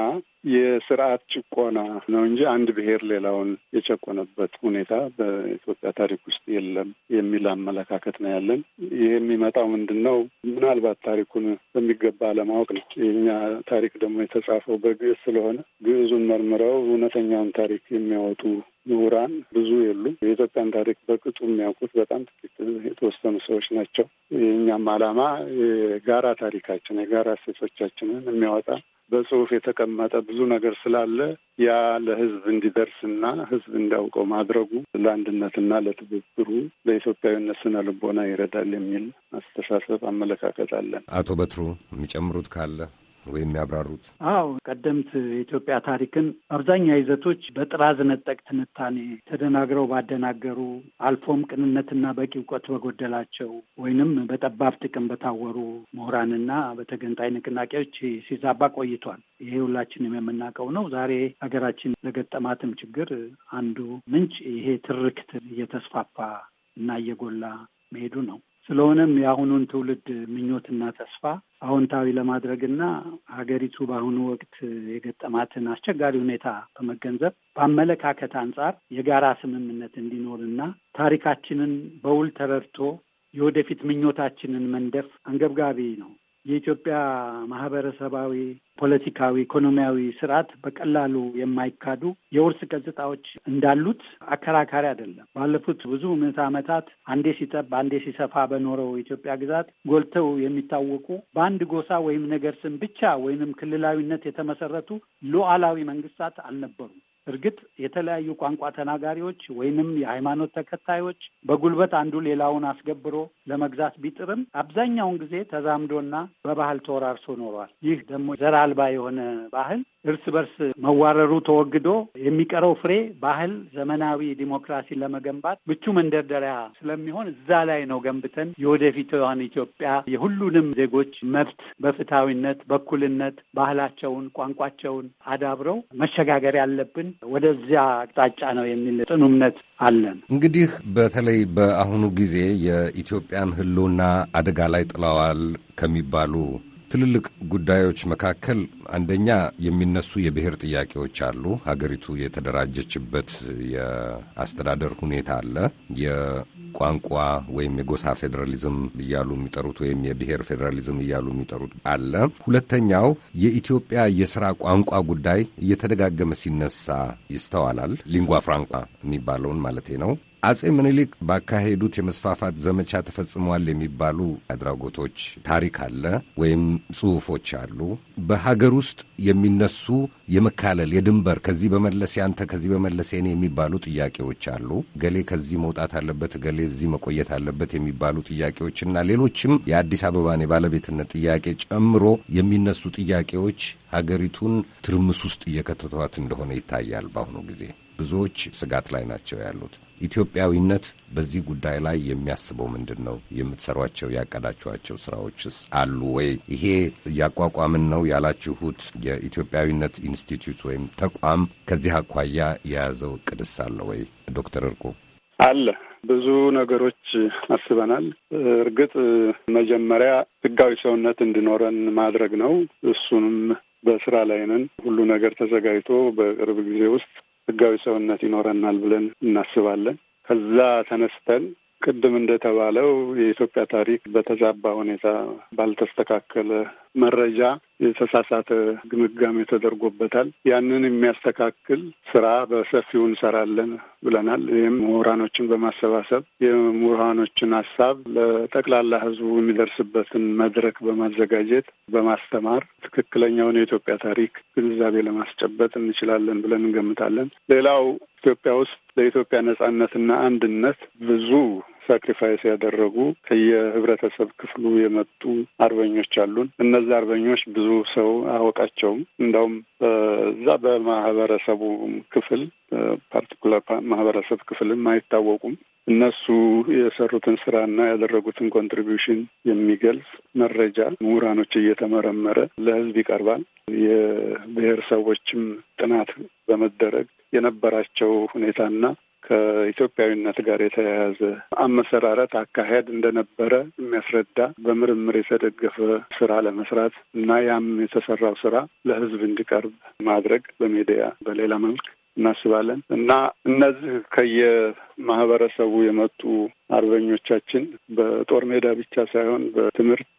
የስርዓት ጭቆና ነው እንጂ አንድ ብሔር ሌላውን የጨቆነበት ሁኔታ በኢትዮጵያ ታሪክ ውስጥ የለም የሚል አመለካከት ነው ያለን። ይህ የሚመጣው ምንድን ነው? ምናልባት ታሪኩን በሚገባ አለማወቅ ነው። የኛ ታሪክ ደግሞ የተጻፈው በግዕዝ ስለሆነ ግዕዙን መርምረው እውነተኛውን ታሪክ የሚያወጡ ምሁራን ብዙ የሉም። የኢትዮጵያን ታሪክ በቅጡ የሚያውቁት በጣም ጥቂት የተወሰኑ ሰዎች ናቸው። የእኛም ዓላማ የጋራ ታሪካቸው ሀገራችን የጋራ እሴቶቻችንን የሚያወጣ በጽሁፍ የተቀመጠ ብዙ ነገር ስላለ ያ ለህዝብ እንዲደርስና ህዝብ እንዲያውቀው ማድረጉ ለአንድነትና ለትብብሩ ለኢትዮጵያዊነት ስነ ልቦና ይረዳል የሚል አስተሳሰብ አመለካከት አለን። አቶ በትሩ የሚጨምሩት ካለ ወይም ያብራሩት? አዎ ቀደምት የኢትዮጵያ ታሪክን አብዛኛ ይዘቶች በጥራዝ ነጠቅ ትንታኔ ተደናግረው ባደናገሩ አልፎም ቅንነትና በቂ እውቀት በጎደላቸው ወይንም በጠባብ ጥቅም በታወሩ ምሁራንና በተገንጣይ ንቅናቄዎች ሲዛባ ቆይቷል። ይሄ ሁላችንም የምናውቀው ነው። ዛሬ ሀገራችን ለገጠማትም ችግር አንዱ ምንጭ ይሄ ትርክት እየተስፋፋ እና እየጎላ መሄዱ ነው። ስለሆነም የአሁኑን ትውልድ ምኞትና ተስፋ አዎንታዊ ለማድረግና ሀገሪቱ በአሁኑ ወቅት የገጠማትን አስቸጋሪ ሁኔታ በመገንዘብ በአመለካከት አንጻር የጋራ ስምምነት እንዲኖርና ታሪካችንን በውል ተረድቶ የወደፊት ምኞታችንን መንደፍ አንገብጋቢ ነው። የኢትዮጵያ ማህበረሰባዊ፣ ፖለቲካዊ፣ ኢኮኖሚያዊ ስርዓት በቀላሉ የማይካዱ የውርስ ገጽታዎች እንዳሉት አከራካሪ አይደለም። ባለፉት ብዙ ምዕተ ዓመታት አንዴ ሲጠብ አንዴ ሲሰፋ በኖረው የኢትዮጵያ ግዛት ጎልተው የሚታወቁ በአንድ ጎሳ ወይም ነገር ስም ብቻ ወይንም ክልላዊነት የተመሰረቱ ሉዓላዊ መንግስታት አልነበሩም። እርግጥ የተለያዩ ቋንቋ ተናጋሪዎች ወይንም የሃይማኖት ተከታዮች በጉልበት አንዱ ሌላውን አስገብሮ ለመግዛት ቢጥርም አብዛኛውን ጊዜ ተዛምዶና በባህል ተወራርሶ ኖሯል። ይህ ደግሞ ዘር አልባ የሆነ ባህል እርስ በርስ መዋረሩ ተወግዶ የሚቀረው ፍሬ ባህል ዘመናዊ ዲሞክራሲ ለመገንባት ምቹ መንደርደሪያ ስለሚሆን እዛ ላይ ነው ገንብተን የወደፊትዋን ኢትዮጵያ የሁሉንም ዜጎች መብት በፍትሐዊነት በኩልነት ባህላቸውን፣ ቋንቋቸውን አዳብረው መሸጋገር ያለብን ወደዚያ አቅጣጫ ነው የሚል ጥኑ እምነት አለን። እንግዲህ በተለይ በአሁኑ ጊዜ የኢትዮጵያን ሕልውና አደጋ ላይ ጥለዋል ከሚባሉ ትልልቅ ጉዳዮች መካከል አንደኛ የሚነሱ የብሔር ጥያቄዎች አሉ። ሀገሪቱ የተደራጀችበት የአስተዳደር ሁኔታ አለ። የቋንቋ ወይም የጎሳ ፌዴራሊዝም እያሉ የሚጠሩት ወይም የብሔር ፌዴራሊዝም እያሉ የሚጠሩት አለ። ሁለተኛው የኢትዮጵያ የስራ ቋንቋ ጉዳይ እየተደጋገመ ሲነሳ ይስተዋላል። ሊንጓ ፍራንኳ የሚባለውን ማለቴ ነው። አጼ ምኒልክ ባካሄዱት የመስፋፋት ዘመቻ ተፈጽመዋል የሚባሉ አድራጎቶች ታሪክ አለ ወይም ጽሑፎች አሉ። በሀገር ውስጥ የሚነሱ የመካለል የድንበር ከዚህ በመለስ ያንተ ከዚህ በመለስ የኔ የሚባሉ ጥያቄዎች አሉ። ገሌ ከዚህ መውጣት አለበት፣ ገሌ እዚህ መቆየት አለበት የሚባሉ ጥያቄዎችና ሌሎችም የአዲስ አበባን የባለቤትነት ጥያቄ ጨምሮ የሚነሱ ጥያቄዎች ሀገሪቱን ትርምስ ውስጥ እየከተቷት እንደሆነ ይታያል። በአሁኑ ጊዜ ብዙዎች ስጋት ላይ ናቸው ያሉት። ኢትዮጵያዊነት በዚህ ጉዳይ ላይ የሚያስበው ምንድን ነው? የምትሰሯቸው ያቀዳችኋቸው ስራዎችስ አሉ ወይ? ይሄ እያቋቋምን ነው ያላችሁት የኢትዮጵያዊነት ኢንስቲትዩት ወይም ተቋም ከዚህ አኳያ የያዘው ቅድስ አለ ወይ? ዶክተር እርቁ አለ። ብዙ ነገሮች አስበናል። እርግጥ መጀመሪያ ህጋዊ ሰውነት እንዲኖረን ማድረግ ነው። እሱንም በስራ ላይ ነን። ሁሉ ነገር ተዘጋጅቶ በቅርብ ጊዜ ውስጥ ህጋዊ ሰውነት ይኖረናል ብለን እናስባለን። ከዛ ተነስተን ቅድም እንደተባለው የኢትዮጵያ ታሪክ በተዛባ ሁኔታ ባልተስተካከለ መረጃ የተሳሳተ ግምጋሜ ተደርጎበታል። ያንን የሚያስተካክል ስራ በሰፊው እንሰራለን ብለናል። ይህም ምሁራኖችን በማሰባሰብ የምሁራኖችን ሀሳብ ለጠቅላላ ሕዝቡ የሚደርስበትን መድረክ በማዘጋጀት በማስተማር ትክክለኛውን የኢትዮጵያ ታሪክ ግንዛቤ ለማስጨበጥ እንችላለን ብለን እንገምታለን። ሌላው ኢትዮጵያ ውስጥ ለኢትዮጵያ ነጻነትና አንድነት ብዙ ሳክሪፋይስ ያደረጉ ከየህብረተሰብ ክፍሉ የመጡ አርበኞች አሉን። እነዚህ አርበኞች ብዙ ሰው አወቃቸውም። እንዳውም እዛ በማህበረሰቡ ክፍል ፓርቲኩላር ማህበረሰብ ክፍልም አይታወቁም። እነሱ የሰሩትን ስራና ያደረጉትን ኮንትሪቢሽን የሚገልጽ መረጃ ምሁራኖች እየተመረመረ ለህዝብ ይቀርባል። የብሔር ሰዎችም ጥናት በመደረግ የነበራቸው ሁኔታና ከኢትዮጵያዊነት ጋር የተያያዘ አመሰራረት አካሄድ እንደነበረ የሚያስረዳ በምርምር የተደገፈ ስራ ለመስራት እና ያም የተሰራው ስራ ለህዝብ እንዲቀርብ ማድረግ በሚዲያ በሌላ መልክ እናስባለን እና እነዚህ ከየ ማህበረሰቡ የመጡ አርበኞቻችን በጦር ሜዳ ብቻ ሳይሆን በትምህርት፣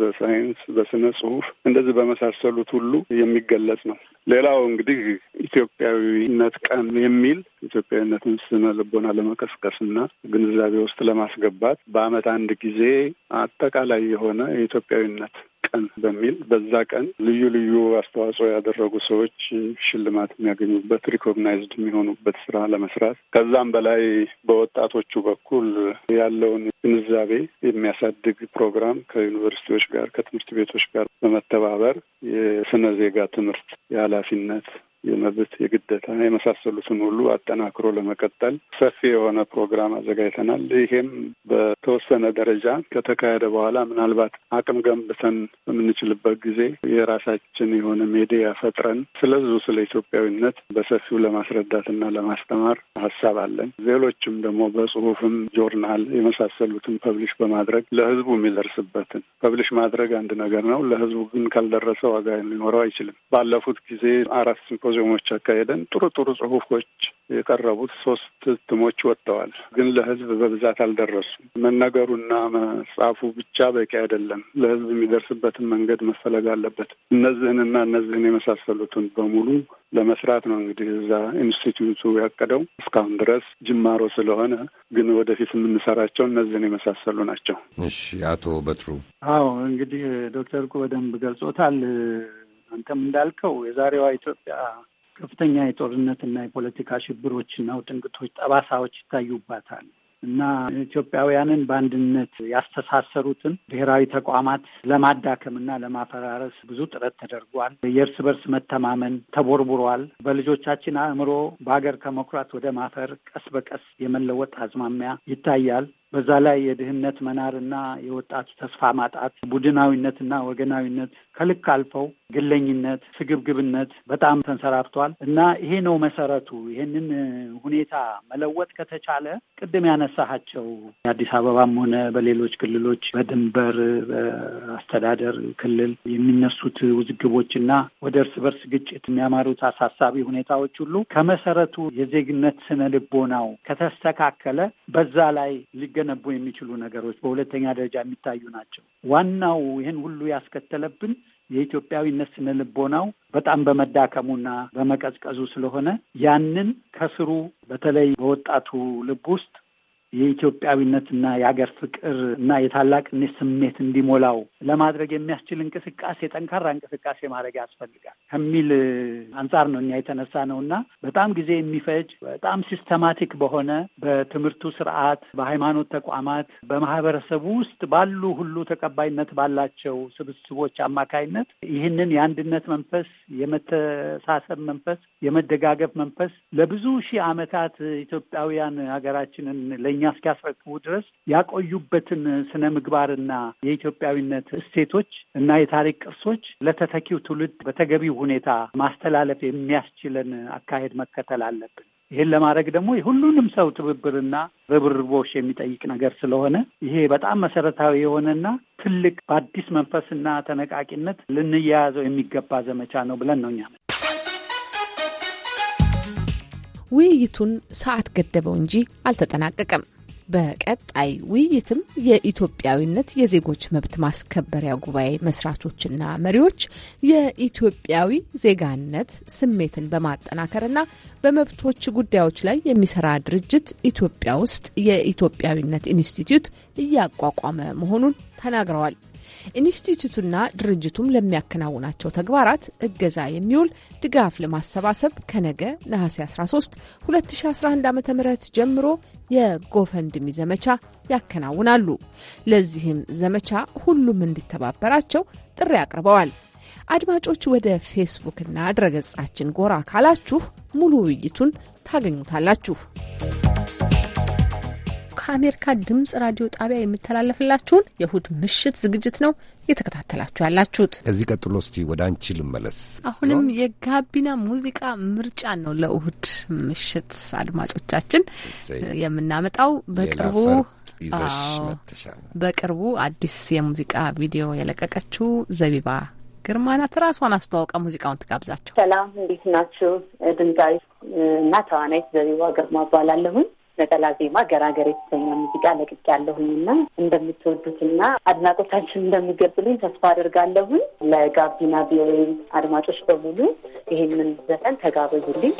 በሳይንስ፣ በስነ ጽሁፍ እንደዚህ በመሳሰሉት ሁሉ የሚገለጽ ነው። ሌላው እንግዲህ ኢትዮጵያዊነት ቀን የሚል ኢትዮጵያዊነትን ስነ ልቦና ለመቀስቀስና ግንዛቤ ውስጥ ለማስገባት በአመት አንድ ጊዜ አጠቃላይ የሆነ የኢትዮጵያዊነት ቀን በሚል በዛ ቀን ልዩ ልዩ አስተዋጽኦ ያደረጉ ሰዎች ሽልማት የሚያገኙበት ሪኮግናይዝድ የሚሆኑበት ስራ ለመስራት ከዛም በላይ በወጣቶቹ በኩል ያለውን ግንዛቤ የሚያሳድግ ፕሮግራም ከዩኒቨርሲቲዎች ጋር ከትምህርት ቤቶች ጋር በመተባበር የስነ ዜጋ ትምህርት የኃላፊነት የመብት የግደታ የመሳሰሉትን ሁሉ አጠናክሮ ለመቀጠል ሰፊ የሆነ ፕሮግራም አዘጋጅተናል። ይሄም በተወሰነ ደረጃ ከተካሄደ በኋላ ምናልባት አቅም ገንብተን በምንችልበት ጊዜ የራሳችን የሆነ ሜዲያ ፈጥረን ስለዙ ስለ ኢትዮጵያዊነት በሰፊው ለማስረዳትና ለማስተማር ሀሳብ አለን። ሌሎችም ደግሞ በጽሁፍም ጆርናል የመሳሰሉትን ፐብሊሽ በማድረግ ለህዝቡ የሚደርስበትን ፐብሊሽ ማድረግ አንድ ነገር ነው። ለህዝቡ ግን ካልደረሰ ዋጋ ሊኖረው አይችልም። ባለፉት ጊዜ አራት ሲምፖ ሲምፖዚየሞች አካሄደን ጥሩ ጥሩ ጽሁፎች የቀረቡት ሶስት እትሞች ወጥተዋል። ግን ለህዝብ በብዛት አልደረሱም። መነገሩና መጻፉ ብቻ በቂ አይደለም። ለህዝብ የሚደርስበትን መንገድ መፈለግ አለበት። እነዚህንና እነዚህን የመሳሰሉትን በሙሉ ለመስራት ነው እንግዲህ እዛ ኢንስቲትዩቱ ያቀደው። እስካሁን ድረስ ጅማሮ ስለሆነ ግን ወደፊት የምንሰራቸው እነዚህን የመሳሰሉ ናቸው። እሺ፣ አቶ በትሩ። አዎ እንግዲህ ዶክተር እርቁ በደንብ ገልጾታል። አንተም እንዳልከው የዛሬዋ ኢትዮጵያ ከፍተኛ የጦርነትና የፖለቲካ ሽብሮችና ውጥንቅቶች ጠባሳዎች ይታዩባታል እና ኢትዮጵያውያንን በአንድነት ያስተሳሰሩትን ብሔራዊ ተቋማት ለማዳከምና ለማፈራረስ ብዙ ጥረት ተደርጓል። የእርስ በርስ መተማመን ተቦርቡሯል። በልጆቻችን አእምሮ በሀገር ከመኩራት ወደ ማፈር ቀስ በቀስ የመለወጥ አዝማሚያ ይታያል። በዛ ላይ የድህነት መናርና የወጣቱ ተስፋ ማጣት፣ ቡድናዊነትና ወገናዊነት ከልክ አልፈው ግለኝነት፣ ስግብግብነት በጣም ተንሰራፍቷል እና ይሄ ነው መሰረቱ። ይሄንን ሁኔታ መለወጥ ከተቻለ ቅድም ያነሳሃቸው የአዲስ አበባም ሆነ በሌሎች ክልሎች በድንበር በአስተዳደር ክልል የሚነሱት ውዝግቦችና ወደ እርስ በርስ ግጭት የሚያማሩት አሳሳቢ ሁኔታዎች ሁሉ ከመሰረቱ የዜግነት ስነ ልቦናው ከተስተካከለ በዛ ላይ ሊገ ሊገነቡ የሚችሉ ነገሮች በሁለተኛ ደረጃ የሚታዩ ናቸው። ዋናው ይህን ሁሉ ያስከተለብን የኢትዮጵያዊነት ስነ ልቦናው በጣም በመዳከሙና በመቀዝቀዙ ስለሆነ ያንን ከስሩ በተለይ በወጣቱ ልብ ውስጥ የኢትዮጵያዊነትና የሀገር ፍቅር እና የታላቅነት ስሜት እንዲሞላው ለማድረግ የሚያስችል እንቅስቃሴ፣ ጠንካራ እንቅስቃሴ ማድረግ ያስፈልጋል ከሚል አንጻር ነው እኛ የተነሳ ነው እና በጣም ጊዜ የሚፈጅ በጣም ሲስተማቲክ በሆነ በትምህርቱ ስርዓት፣ በሃይማኖት ተቋማት፣ በማህበረሰቡ ውስጥ ባሉ ሁሉ ተቀባይነት ባላቸው ስብስቦች አማካይነት ይህንን የአንድነት መንፈስ፣ የመተሳሰብ መንፈስ፣ የመደጋገፍ መንፈስ ለብዙ ሺህ ዓመታት ኢትዮጵያውያን ሀገራችንን ለ እስኪያስረክቡ ድረስ ያቆዩበትን ስነ ምግባርና የኢትዮጵያዊነት እሴቶች እና የታሪክ ቅርሶች ለተተኪው ትውልድ በተገቢው ሁኔታ ማስተላለፍ የሚያስችለን አካሄድ መከተል አለብን። ይህን ለማድረግ ደግሞ የሁሉንም ሰው ትብብርና ርብርቦሽ የሚጠይቅ ነገር ስለሆነ ይሄ በጣም መሰረታዊ የሆነና ትልቅ በአዲስ መንፈስና ተነቃቂነት ልንያያዘው የሚገባ ዘመቻ ነው ብለን ነው እኛ ውይይቱን ሰዓት ገደበው እንጂ አልተጠናቀቀም። በቀጣይ ውይይትም የኢትዮጵያዊነት የዜጎች መብት ማስከበሪያ ጉባኤ መስራቾችና መሪዎች የኢትዮጵያዊ ዜጋነት ስሜትን በማጠናከርና በመብቶች ጉዳዮች ላይ የሚሰራ ድርጅት ኢትዮጵያ ውስጥ የኢትዮጵያዊነት ኢንስቲትዩት እያቋቋመ መሆኑን ተናግረዋል። ኢንስቲትዩቱና ድርጅቱም ለሚያከናውናቸው ተግባራት እገዛ የሚውል ድጋፍ ለማሰባሰብ ከነገ ነሐሴ 13 2011 ዓ ም ጀምሮ የጎፈንድሚ ዘመቻ ያከናውናሉ። ለዚህም ዘመቻ ሁሉም እንዲተባበራቸው ጥሪ አቅርበዋል። አድማጮች ወደ ፌስቡክና ድረገጻችን ጎራ ካላችሁ ሙሉ ውይይቱን ታገኙታላችሁ። ከአሜሪካ ድምጽ ራዲዮ ጣቢያ የሚተላለፍላችሁን የእሁድ ምሽት ዝግጅት ነው እየተከታተላችሁ ያላችሁት። ከዚህ ቀጥሎ እስቲ ወደ አንቺ ልመለስ። አሁንም የጋቢና ሙዚቃ ምርጫ ነው ለእሁድ ምሽት አድማጮቻችን የምናመጣው በቅርቡ በቅርቡ አዲስ የሙዚቃ ቪዲዮ የለቀቀችው ዘቢባ ግርማ ናት። ራሷን አስተዋውቃ ሙዚቃውን ትጋብዛቸው። ሰላም፣ እንዴት ናችሁ? ድምፃዊ እና ተዋናይት ዘቢባ ግርማ እባላለሁኝ። ነጠላ ዜማ ገራገር የተሰኘ ሙዚቃ ለቅቅ ያለሁኝ እና እንደምትወዱትና አድናቆታችን እንደሚገብሉኝ ተስፋ አድርጋለሁኝ። ለጋቢና ቪኦኤ አድማጮች በሙሉ ይህንን ዘፈን ተጋበዙልኝ።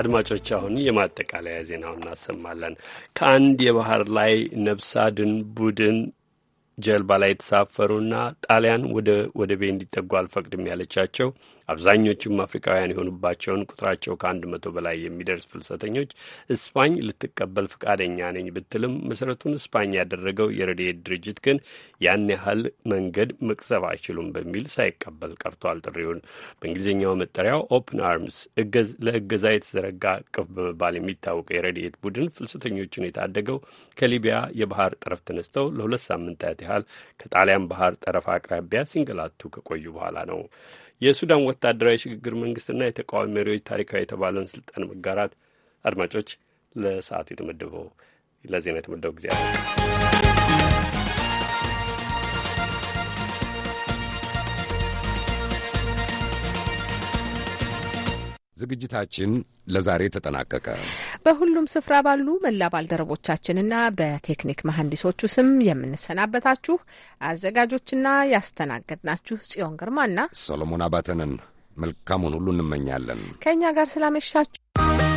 አድማጮች አሁን የማጠቃለያ ዜናው እናሰማለን። ከአንድ የባህር ላይ ነብስ አድን ቡድን ጀልባ ላይ የተሳፈሩና ጣሊያን ወደ ወደቤ እንዲጠጉ አልፈቅድም ያለቻቸው አብዛኞቹም አፍሪካውያን የሆኑባቸውን ቁጥራቸው ከአንድ መቶ በላይ የሚደርስ ፍልሰተኞች እስፓኝ ልትቀበል ፈቃደኛ ነኝ ብትልም መሰረቱን እስፓኝ ያደረገው የረድኤት ድርጅት ግን ያን ያህል መንገድ መቅሰብ አይችሉም በሚል ሳይቀበል ቀርቷል። ጥሪውን በእንግሊዝኛው መጠሪያው ኦፕን አርምስ ለእገዛ የተዘረጋ ቅፍ በመባል የሚታወቀው የረድኤት ቡድን ፍልሰተኞቹን የታደገው ከሊቢያ የባህር ጠረፍ ተነስተው ለሁለት ሳምንታት ያህል ከጣሊያን ባህር ጠረፍ አቅራቢያ ሲንገላቱ ከቆዩ በኋላ ነው። የሱዳን ወታደራዊ ሽግግር መንግስትና የተቃዋሚ መሪዎች ታሪካዊ የተባለውን ስልጣን መጋራት። አድማጮች፣ ለሰዓቱ የተመደበው ለዜና የተመደበው ጊዜ ዝግጅታችን ለዛሬ ተጠናቀቀ። በሁሉም ስፍራ ባሉ መላ ባልደረቦቻችንና በቴክኒክ መሐንዲሶቹ ስም የምንሰናበታችሁ አዘጋጆችና ያስተናገድናችሁ ጽዮን ግርማና ሰሎሞን አባተንን መልካሙን ሁሉ እንመኛለን። ከእኛ ጋር ስላመሻችሁ